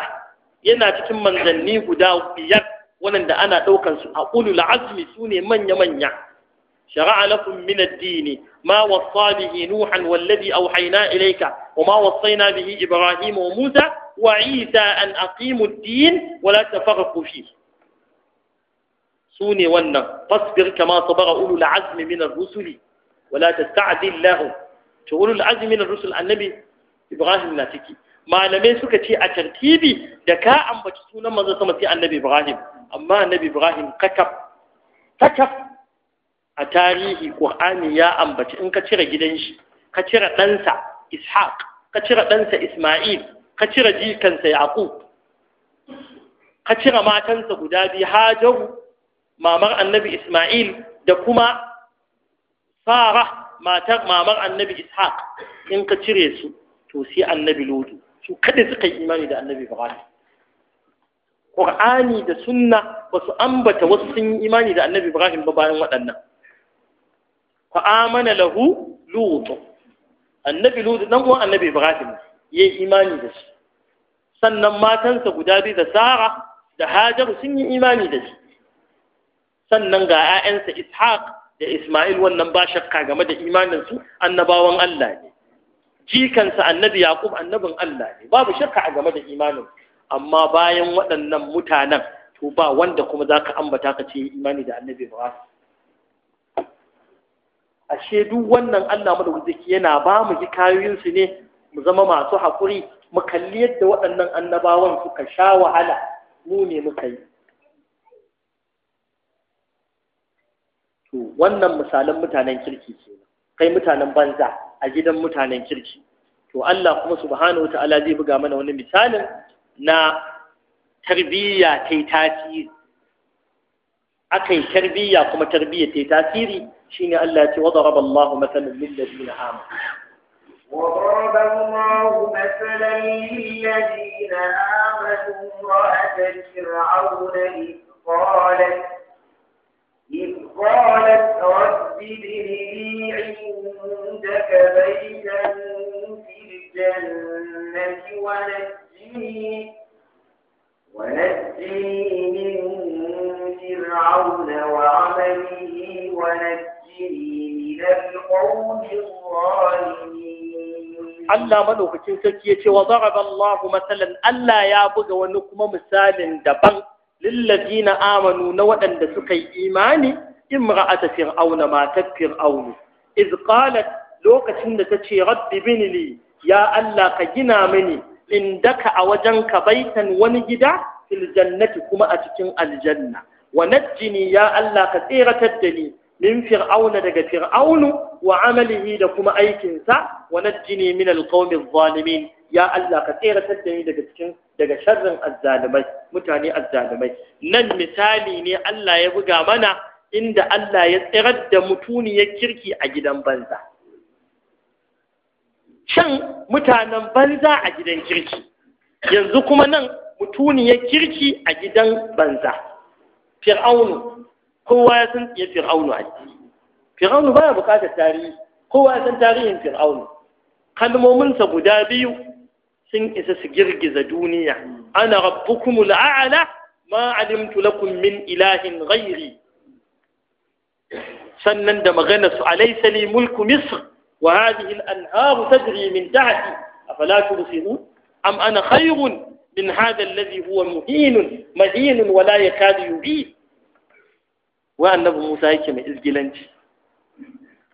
yana cikin manzanni guda biyar Wannan da ana daukan su a ulul azmi sune manya manya شرع لكم من الدين ما وصى به نوحا والذي أوحينا إليك وما وصينا به إبراهيم وموسى وعيسى أن أقيموا الدين ولا تفرقوا فيه سوني ونا فاصبر كما صبر أولو العزم من الرسل ولا تستعجل لهم أولو العزم من الرسل النبي إبراهيم ناتكي malamai suka ce a tartibi da ka ambaci sunan manzo sama sai annabi Ibrahim amma annabi Ibrahim kakaf kakaf a tarihi ƙur'ani ya ambaci in ka cire gidan shi ka cire ɗansa ishaq ka cire ɗansa isma'il ka cire jikansa yaqub ka cire matansa guda biyu hajaru mamar annabi isma'il da kuma fara matar mamar annabi ishaq in ka cire su to sai annabi lodu su kada suka yi imani da annabi ibrahim Qur'ani da sunna ba su ambata wasu sun yi imani da annabi Ibrahim ba bayan waɗannan fa amana lahu lutu annabi lutu dan uwan annabi ibrahim yayi imani da shi sannan matansa guda biyu da sara da hajar sun yi imani da shi sannan ga 'ya'yansa ishaq da isma'il wannan ba shakka game da imaninsu annabawan allah ne jikansa annabi yaqub annabin allah ne babu shakka a game da imanin amma bayan waɗannan mutanen to ba wanda kuma za ka ambata ka ce imani da annabi ibrahim ashe duk wannan Allah ki yana ba mu hikayoyin su ne mu zama masu hakuri mu kalli yadda waɗannan annabawan suka sha wahala mu ne muka yi to wannan misalan mutanen kirki kai mutanen banza a gidan mutanen kirki to Allah kuma subhanahu wataala zai buga mana wani misalin na tarbiyya ta tasiri عقل تربية قم تربية تأثيري شين التي وضرب الله مثلا للذين آمنوا وضرب الله مثلا للذين آمنوا امرأة فرعون إذ قالت إذ قالت رب ابن لي عندك بيتا في الجنة ونجني ونجني من فرعون وعمله ونجني من القوم الظالمين الله ملوكتين سكية وضرب الله مثلا ألا يابد ونكم مثال دبن للذين آمنوا نوعا دسكي إيماني امرأة فرعون ما فرعون إذ قالت لوكتين تتشي رب بن لي يا الله قجنا مني عندك أوجنك بيتا ونجدا في الجنة كما أتكين الجنة wa ya Allah ka tseratar da min fir'auna daga fir'aunu wa amalihi da kuma aikinsa wa najjini min alqawmi adh-dhalimin ya Allah ka tseratar da daga mutane azzalimai nan misali ne Allah ya buga mana inda Allah ya tsirar da mutuniyar kirki a gidan banza can mutanen banza a gidan kirki yanzu kuma nan mutuniyar kirki a gidan banza fir'aunu kowa ya san ya fir'aunu a fir'aunu baya bukatar tarihi kowa ya san tarihin fir'aunu kalmominsa guda biyu sun isa su girgiza duniya ana rabbukumul a'la ma alimtu lakum min ilahin ghairi sannan da magana su alaysa li mulku misr wa hadhihi al-anharu tajri min tahti afala tubsirun am ana khayrun من هذا الذي هو مهين مهين ولا يكاد يبيه وأنه موسى يكما إزجلنج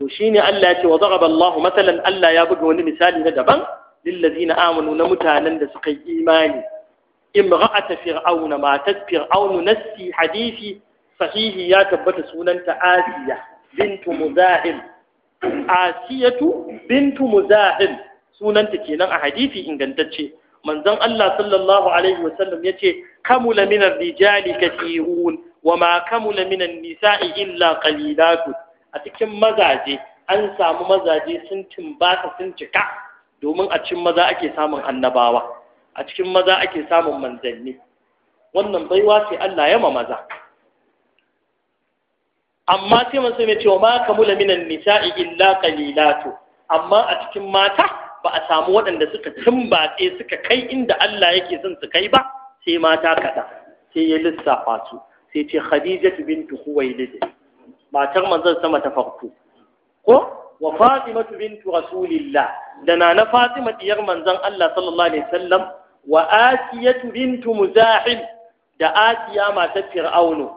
وشيني ألا وضغب الله مثلا ألا يابد يابقى ونمثال ندبا للذين آمنوا نمتا نندسق إيمان امرأة فرعون ما تذكر أو ننسي حديثي صحيح يا تبت أنت آسية بنت مزاحم آسية بنت مزاحم سننت كينا حديثي إن كنتت شيء manzon Allah sallallahu alaihi wasallam yace kamula minar rijali kathirun wama kamula minan nisai illa qalilatu a cikin mazaje an samu mazaje sun timbata sun cika domin a cikin maza ake samun annabawa a cikin maza ake samun manzanni wannan baiwa sai Allah ya ma maza amma sai mun sani cewa ma kamula minan nisai illa qalilatu amma a cikin mata ba a samu waɗanda suka tumbatse suka kai inda Allah yake son su kai ba sai mata kaɗa sai ya lissafa su sai ce Khadijatu bintu Khuwailid matar manzon sama ta farko ko wa Fatimatu bintu Rasulillah da na Fatima diyar manzon Allah sallallahu alaihi wasallam wa Asiyatu bintu Muzahim da Asiya matar Fir'aunu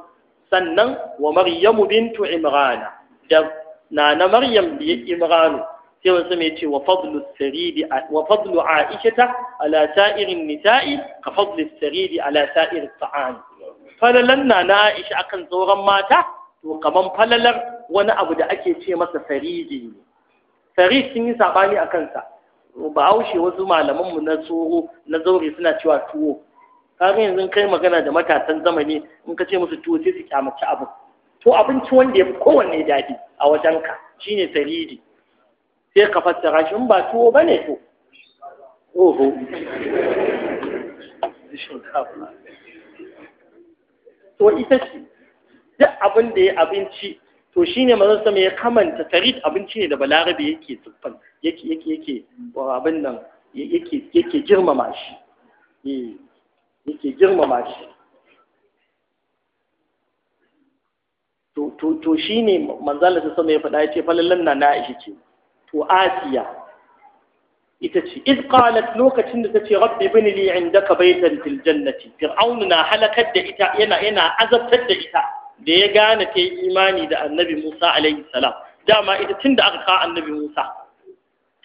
sannan wa Maryamu bintu Imrana da nana Maryam biyar Imranu sai wasu mai ce wa fadlu saridi wa aishata ala sa'irin nisa'i ka fadlu saridi ala sa'irin falalan na na aisha akan sauran mata to kamar falalar wani abu da ake ce masa saridi ne sarid sun yi saɓani a kansa ba haushe wasu malamanmu na tsoro na zaure suna cewa tuwo har yanzu kai magana da matasan zamani in ka ce musu tuwo sai su kyamaci abu to abinci wanda ya fi kowanne daɗi a wajenka shine saridi sai ka fassara shi ba tuwo ba ne to oho to ita ce duk abin da ya abinci to shine mazan sama ya kamanta tarit abinci ne da balarabe yake siffan yake yake yake abin nan yake yake girmama shi eh, yake girmama shi to to to shine ta sama ya faɗa ya ce falallan na na shi ce to asiya ita ce iz qalat lokacin da tace rabbi bin li indaka baytan fil jannati fir'aun na halakar da ita yana yana azabtar da ita da ya gane ta imani da annabi Musa alaihi salam dama ita tunda aka kawo annabi Musa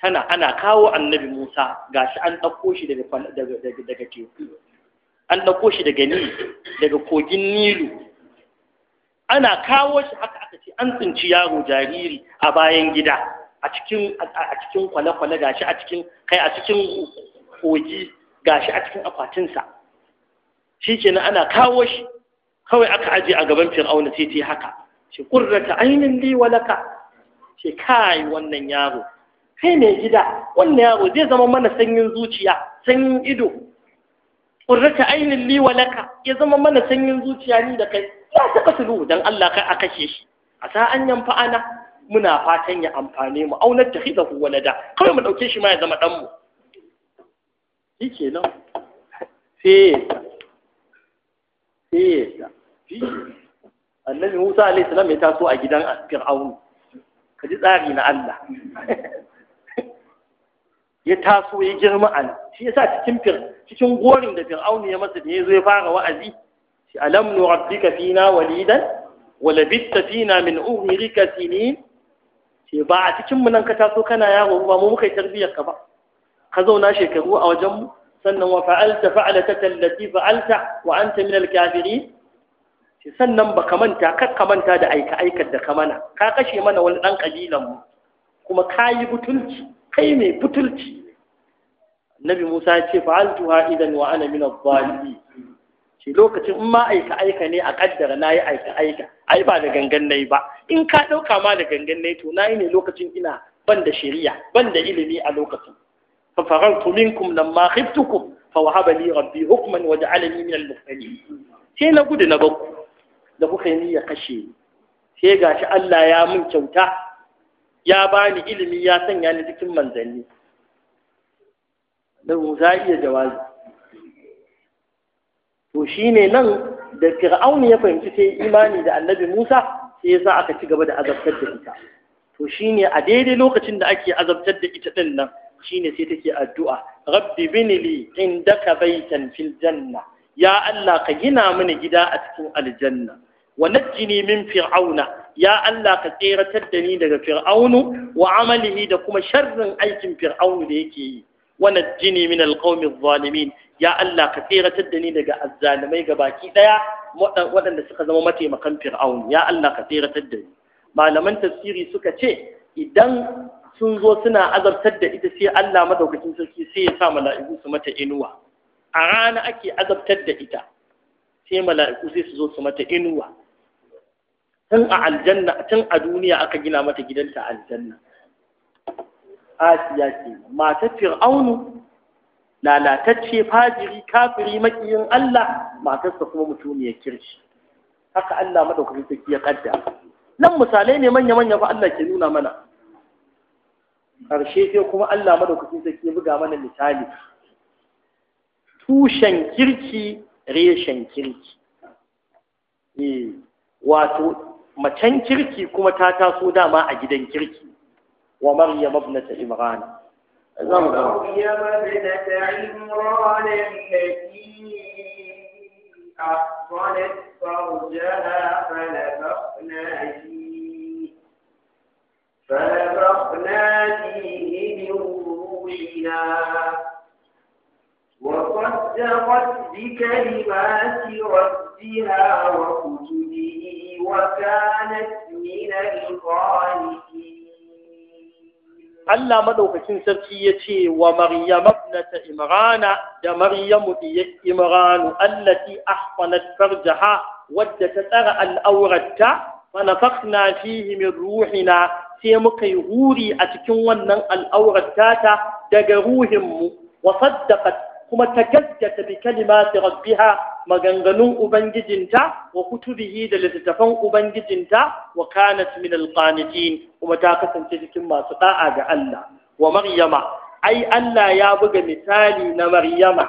tana ana kawo annabi Musa gashi an dauko shi daga daga daga teku an dauko shi daga ni daga kogin Nilu ana kawo shi haka aka ce an tsinci yaro jariri a bayan gida a cikin a cikin kwale-kwale gashi a cikin kai a cikin kogi gashi a cikin akwatinsa shikenan ana kawo shi kawai aka aje a gaban fir'auna sai ta haka ce qurrata ainin li walaka ce wannan yaro kai mai gida wannan yaro zai zama mana sanyin zuciya sanyin ido qurrata ainin liwalaka ya zama mana sanyin zuciya ni da kai ya taɓa sulhu dan Allah kai a kashe shi a sa yan fa'ana. muna fatan ya amfane mu auna ta hida ku walada kawai mu ɗauke shi ma ya zama ɗanmu shi ke nan sai ya sai annabi musa alaihi salam ya taso a gidan fir'aunu ka ji tsari na allah ya taso ya girma a shi yasa cikin fir cikin gorin da fir'aunu ya masa da ya zo ya fara wa'azi shi alam nu rabbika fina walidan wa labitta fina min umrika sinin ce eh, ba a cikin nan ka taso kana yaro ba mu muka yi tarbiyyar ba ka zauna shekaru a wajenmu? sannan wa fa'alta fa'alata allati fa'alta wa anta min al sannan ba ka manta kar ka manta da aika aikar da ka mana ka kashe mana wani dan ƙabilan mu kuma ka yi butulci kai mai butulci nabi musa ya ce fa'altuha idan wa ana min adh shi lokacin in ma aika aika ne a kaddara na yi aika aika ai ba da gangan nai ba in ka ɗauka ma da gangan nai to nayi ne lokacin ina ban da shari'a ban da ilimi a lokacin fa faraltu minkum lamma khiftukum fa wahaba li rabbi hukman wa ja'alani min al-muftalin sai na gudu na bakku da kuka yi ya kashe ni sai gashi Allah ya mun kyauta ya bani ilimi ya sanya ni cikin manzanni da za iya jawabi to ne nan da fir'aun ya fahimci sai imani da annabi Musa sai yasa aka ci gaba da azabtar da ita to ne a daidai lokacin da ake azabtar da ita ɗin nan shine sai take addu'a rabbi binili indaka baitan fil janna ya Allah ka gina mini gida a cikin aljanna wa najjini min fir'auna ya Allah ka tseratar da ni daga fir'aunu wa amalihi da kuma sharrin aikin fir'aunu da yake yi ونجني من القوم الظالمين يا الله كثيرة ga baki ɗaya قباكي suka zama mataimakan متي مقام فرعون يا الله كثيرة الدني ما لمن تفسيري سكتي إذن sun zo suna azabtar da ita sai Allah madaukakin sarki sai ya sa mala'iku su mata inuwa a rana ake azabtar da ita sai mala'iku sai su zo su mata inuwa tun a aljanna tun a duniya aka gina mata gidanta aljanna asiya ce, mata fir'aunu lalatacce fajiri kafiri makiyin Allah matarsa kuma mutumiyar kirshi haka Allah madaukakin sarki ya kadda. nan misalai ne manya manya fa Allah ke nuna mana karshe sai kuma Allah madaukakin sarki ya buga mana misali tushen kirki reshen kirki eh wato macen kirki kuma ta taso dama a gidan kirki ومريم ابنة عمران ومريم ابنة عمران التي أحصنت فرجها فنفخنا فيه فنفخنا فيه من روحنا وصدقت بكلمات ربها وكتبه وكانت من القانتين Allah maɗaukacin sarki ya ce wa Maryam ibnata Imrana da Maryamu diyar Imranu allati ahsanat farjaha wadda ta tsara al'auratta fa na fihi min ruhina sai muka yi huri a cikin wannan al'aurata ta daga ruhinmu wa saddaqat kuma ta gaskata bi kalimati rabbiha maganganun ubangijinta wa kutubihi da littattafan ubangijinta wa kanat min alqanitin kuma ta kasance cikin masu da'a ga Allah wa maryama ai Allah ya buga misali na maryama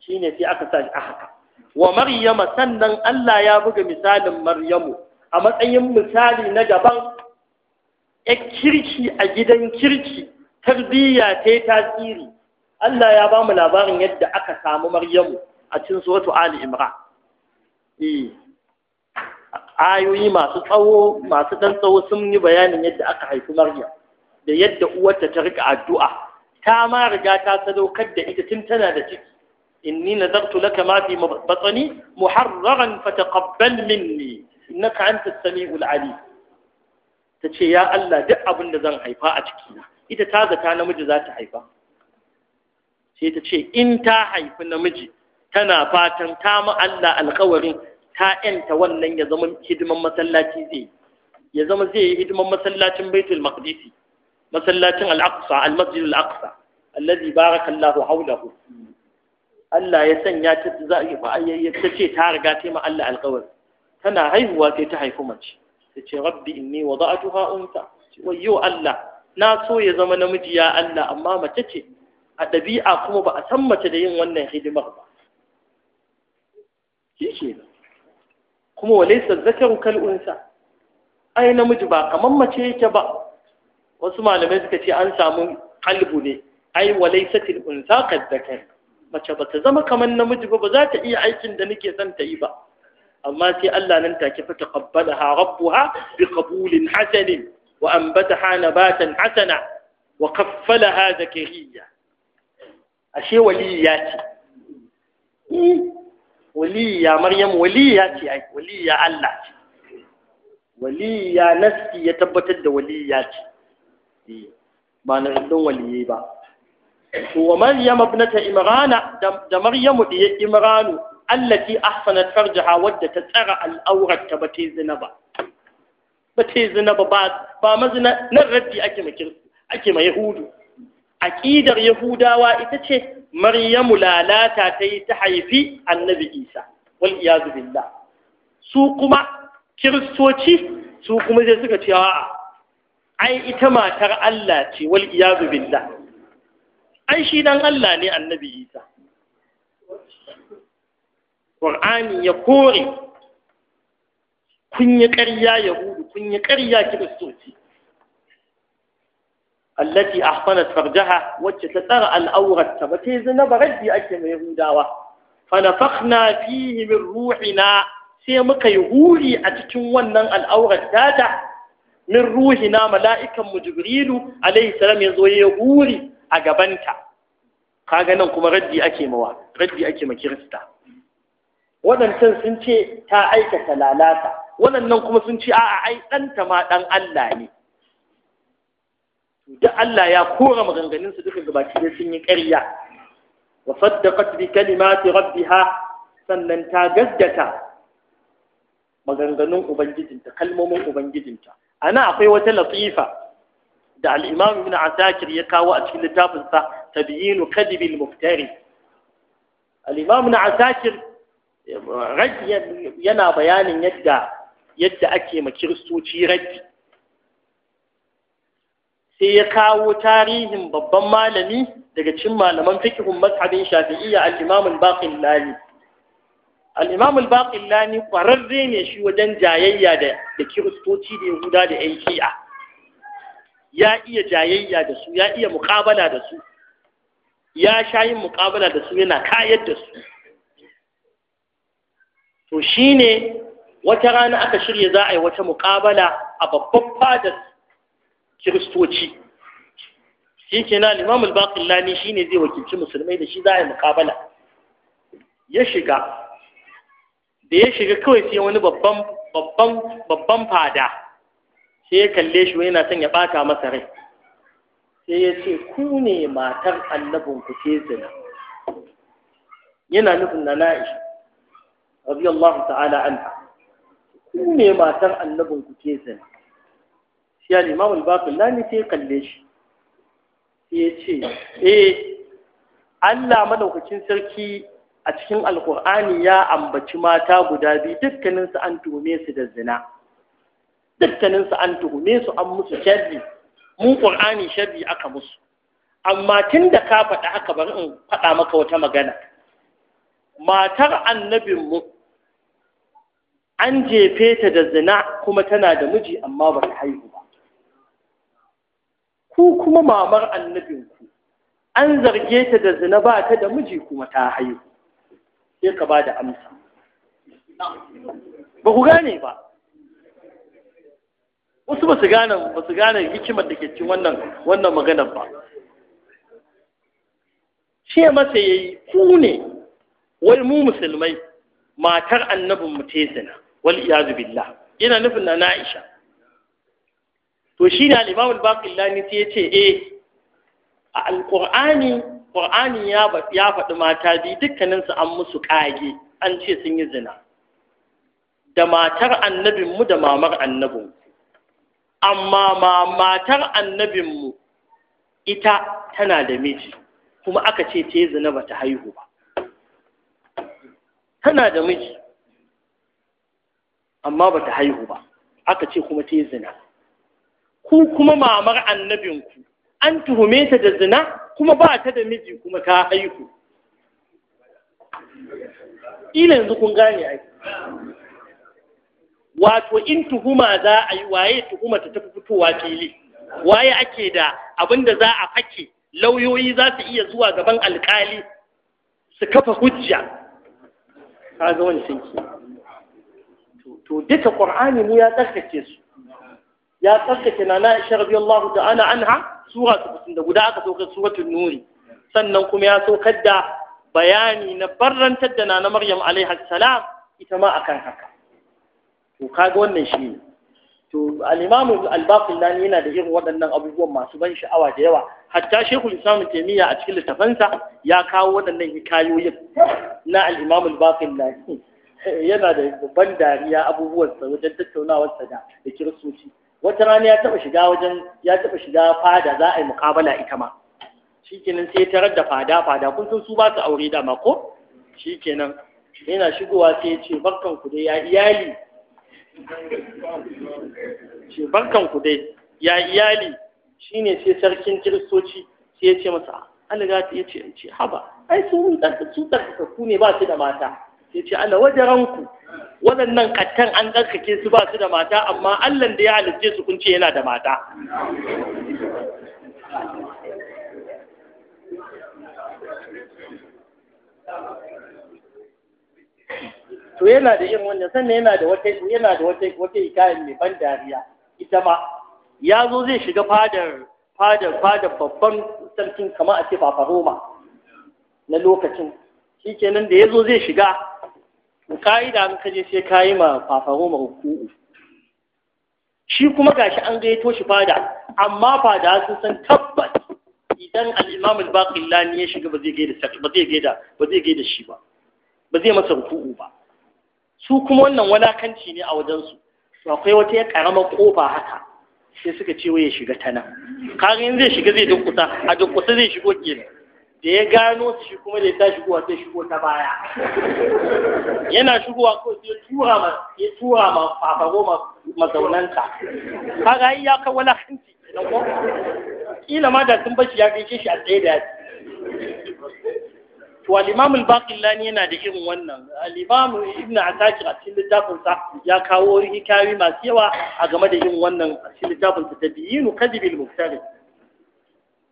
shine sai aka sa a haka wa maryama sannan Allah ya buga misalin maryamu a matsayin misali na daban ya kirki a gidan kirki tarbiyya ta tasiri Allah ya bamu labarin yadda aka samu Maryamu a cikin suratu Ali Imran. Eh. Ayoyi masu tsawo, masu dan tsawo sun yi bayanin yadda aka haifi Maryam da yadda uwarta ta rika addu'a. Ta ma riga ta sadaukar da ita tun tana da ciki. Inni nazartu laka ma batsani muharraran fataqabbal ne. innaka antas sami'ul alim. Ta ce ya Allah duk abin zan haifa a cikina. Ita ta zata namiji zata haifa. sai ta ce in ta haifi namiji tana fatan ta mu Allah alkawarin ta yanta wannan ya zama hidiman masallaci zai ya zama zai yi hidiman masallacin baitul maqdisi masallacin al-aqsa al-masjid al-aqsa alladhi baraka Allahu hawlahu Allah ya sanya ta za ta ce ta riga ta ma Allah alkawari tana haihuwa sai ta haifi mace ta ce rabbi inni wada'atuha unsa wayyo Allah na so ya zama namiji ya Allah amma mace ce a ɗabi'a kuma ba a san mace da yin wannan hidimar ba shi ke kuma wale zakaru kal'unsa ai namiji ba kamar mace yake ba wasu malamai suka ce an samu kalbu ne ai walaisa til'unsa kazzakar mace ba ta zama kamar namiji ba ba za ta iya aikin da nake son ta yi ba amma sai Allah nan ta fa ha rabbuha bi qabulin hasanin wa anbataha nabatan hasana wa kaffalaha zakariya ashe ya ce hmm. ya Maryam Waliyu ya ce Waliyu ya Allah ce ya nasi ya tabbatar da ya ce eh, ba na rindin waliye ba wa maryam ibnata imrana da maryamu diye imranu allati ahsanat farjaha wadda ta tsara al'aurar ta bata zina ba bata zina ba ba mazina nan raddi ake ma ake ma yahudu aƙidar yahudawa ita ce maryamu lalata ta yi ta haifi annabi isa wal iyazu billah su kuma kiristoci su kuma sai suka cewa a? ai ita matar Allah ce wal iyazu billah ai shi dan Allah ne annabi isa Qur'ani ya kore kun yi ƙarya yahudu kun yi ƙarya kiristoci allati ahsanat farjaha wacce ta tsara al'aurat ta ba ta zina ba raddi ake mai hudawa fa nafakhna fihi min ruhina sai muka yi huri a cikin wannan al'aurar data min ruhina mala'ikan mu jibrilu alaihi salam yazo ya huri a gabanta kaga nan kuma raddi ake ma kirista waɗancan sun ce ta aikata lalata waɗannan kuma sun ce a'a ai ɗanta ma ɗan Allah ne duk Allah ya kora maganganun su duka gabaki da sun yi ƙarya wa saddaqat bi kalimati rabbiha sannan ta gaddata maganganun ubangijinta kalmomin ubangijinta ana akwai wata latifa da al-Imam Ibn Asakir ya kawo a cikin littafin sa tabyinu kadibil muftari al-Imam Ibn Asakir yana bayanin yadda yadda ake ma kiristoci raddi sai ya kawo tarihin babban malami daga cikin malaman fikihun mazhabin shafi'iyya al-imam al-baqillani al-imam al Lani kwararre ne shi wajen jayayya da kiristoci da yahuda da yan shi'a ya iya jayayya da su ya iya muqabala da su ya shayin muqabala da su yana kayar da su to shine wata rana aka shirya za a yi wata muƙabala a babban fadar kiristoci shi ke na limamul baƙin lani shi ne zai wakilci musulmai da shi za a yi mukabala ya shiga da ya shiga kawai sai wani babban babban babban fada sai ya kalle shi yana son ya ɓata masa rai sai ya ce ku ne matar annabin ku ce zina yana nufin na na'isha radiyallahu ta'ala anha ku ne matar annabin ku ce zina ya limam al-baqilla kalle shi ya ce eh Allah madaukakin sarki a cikin alkur'ani ya ambaci mata guda biyu dukkaninsu an tuhume su da zina dukkaninsu an tuhume su an musu sharri mun ƙur'ani sharri aka musu amma tun da ka faɗa haka bari in faɗa maka wata magana matar annabinmu an jefe ta da zina kuma tana da miji amma ba ta haihu ku kuma mamar annabinku an zarge ta da zina ba ta da miji kuma ta haihu sai ka ba da amsa ba ku gane ba wasu ba su gane ba su gane hikimar da ke cin wannan wannan maganar ba ce masa yayi ku ne wai mu musulmai matar annabin mu te zina wal iyazu billah yana nufin na Aisha to shi ne al'imamul baƙillani sai ya ce e a alƙur'ani ƙur'ani ya faɗi mata biyu dukkaninsu an musu ƙage an ce sun yi zina da matar annabinmu da mamar annabinmu. amma matar annabinmu ita tana da miji kuma aka ce ta yi zina ba ta haihu ba tana da miji amma ba ta haihu ba aka ce kuma ta yi zina ku kuma mamar annabinku an tuhume ta da zina kuma ba ta da miji kuma ta haihu ila yanzu kun gane ai wato in tuhuma za a yi waye tuhuma ta tafi fitowa fili waye ake da abin da za a fake lauyoyi za su iya zuwa gaban alkali su kafa hujja ga wani sinki to duka ƙur'ani mu ya tsarkake su ya tsarkake na na isha radiyallahu ta'ala anha sura ta da guda aka saukar suratun nuri sannan kuma ya saukar da bayani na barrantar da na maryam alaihi salam ita ma akan haka to kaga wannan shi ne to al-imamu al-baqillani yana da irin waɗannan abubuwan masu ban sha'awa da yawa hatta shehu islam taimiyya a cikin littafansa ya kawo waɗannan hikayoyin na al-imamu al yana da babban dariya abubuwansa wajen tattaunawarsa da da kiristoci wata rana ya taba shiga wajen ya taba shiga fada za a yi mukabala ita ma shikenan sai tarar da fada fada kun san su ba su aure ma ko shikenan yana shigowa sai ya ce barkan ku dai ya iyali ce barkan ku dai ya iyali shine sai sarkin kiristoci sai ya ce masa Allah ya ta ya ce haba ai su mun tsarkaku ne ba su da mata ya ce ala waje ranku waɗannan kattan an tsarkake su ba su da mata amma allan da ya halitce su kun ce yana da mata to yana da irin wannan sannan yana da wata yana da wata wata hikayar mai ban dariya ita ma ya zo zai shiga fadar fadar fadar babban sarkin kamar a ce roma na lokacin Shi kenan da ya zo zai shiga da an kaje sai ka yi ma fafaro ma hukuku shi kuma gashi an gaito shi fada amma fada sun san tabbas idan al-imam al-baqillani ya shiga ba zai gaida ba zai gaida ba zai gaida shi ba ba zai masa hukuku ba su kuma wannan walakanci ne a wajen su to akwai wata ya karamar kofa haka sai suka ce wai ya shiga ta nan kaga in zai shiga zai dukkuta a dukkuta zai shigo kenan da ya gano shi kuma da ya tashi kuwa sai shigo ta baya yana shigowa ko sai tura ma ya tura ma fafaro ma mazaunanta kaga ai ya kawo lahanci kenan ko kila ma da sun bashi ya kai shi a tsaye da yaki to al-imam al-baqillani yana da irin wannan al-imam ibn asakir a cikin littafin sa ya kawo hikayoyi masu yawa a game da irin wannan a cikin littafin sa tabiyinu kadibil muftari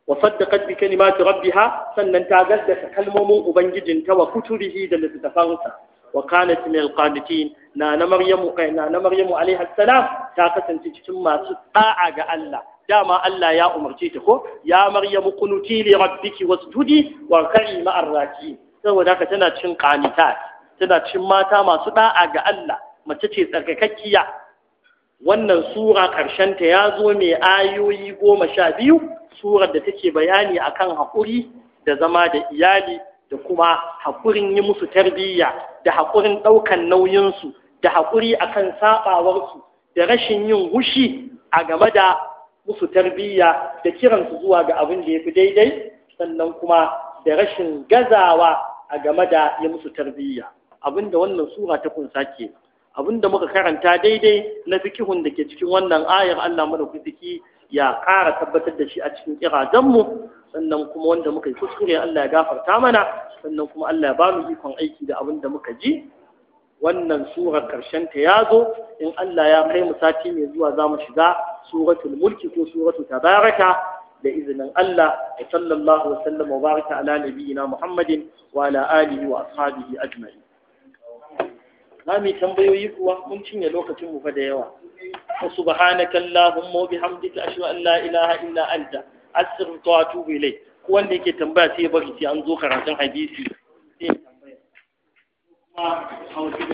وصدقت بكلمات ربها سنن تاغدت كلمه وبنجدن تا وكتبه دلت تفانسا وكانت من القانتين نانا مريم نانا مريم عليها السلام تاكتن تجتم ما سطاعة الله داما الله يا أمرتيتك يا مريم قنتي لربك واسجدي واركعي مع الراكعين سوى ذاك تنا تشن قانتات تنا تشن ماتا ما سطاعة الله ما تتشي تركككية wannan sura ƙarshenta ya zo mai ayoyi goma sha biyu surar da take bayani akan haƙuri da zama da iyali da kuma haƙurin yi musu tarbiyya da haƙurin ɗaukan nauyinsu da haƙuri akan saɓawarsu da rashin yin hushi a game da musu tarbiyya da kiransu zuwa ga abin da ya fi daidai sannan kuma da rashin gazawa a game da ya musu tarbiyya abin da wannan sura ta kunsa ke abin da muka karanta daidai na fikihun da ke cikin wannan ayar Allah madaukakin ya ƙara tabbatar da shi a cikin ƙirajenmu sannan kuma wanda muka yi kuskure Allah ya gafarta mana sannan kuma Allah ya ba mu ikon aiki da abin da muka ji wannan surar karshen ta ya zo in Allah ya kai mu sati mai zuwa za mu shiga suratul mulki ko suratul tabaraka da izinin Allah ya sallallahu wa sallam wa baraka ala nabiyina Muhammadin wa ala alihi wa ashabihi ajma'in. Za mu tambayoyi kuwa mun cinye lokacin mu fa da yawa. سبحانك اللهم وبحمدك أشهد أن لا إله إلا أنت أستغفرك وأتوب إليك wanda yake tambaya sai ya bari sai an zo karatun hadisi sai ya tambaya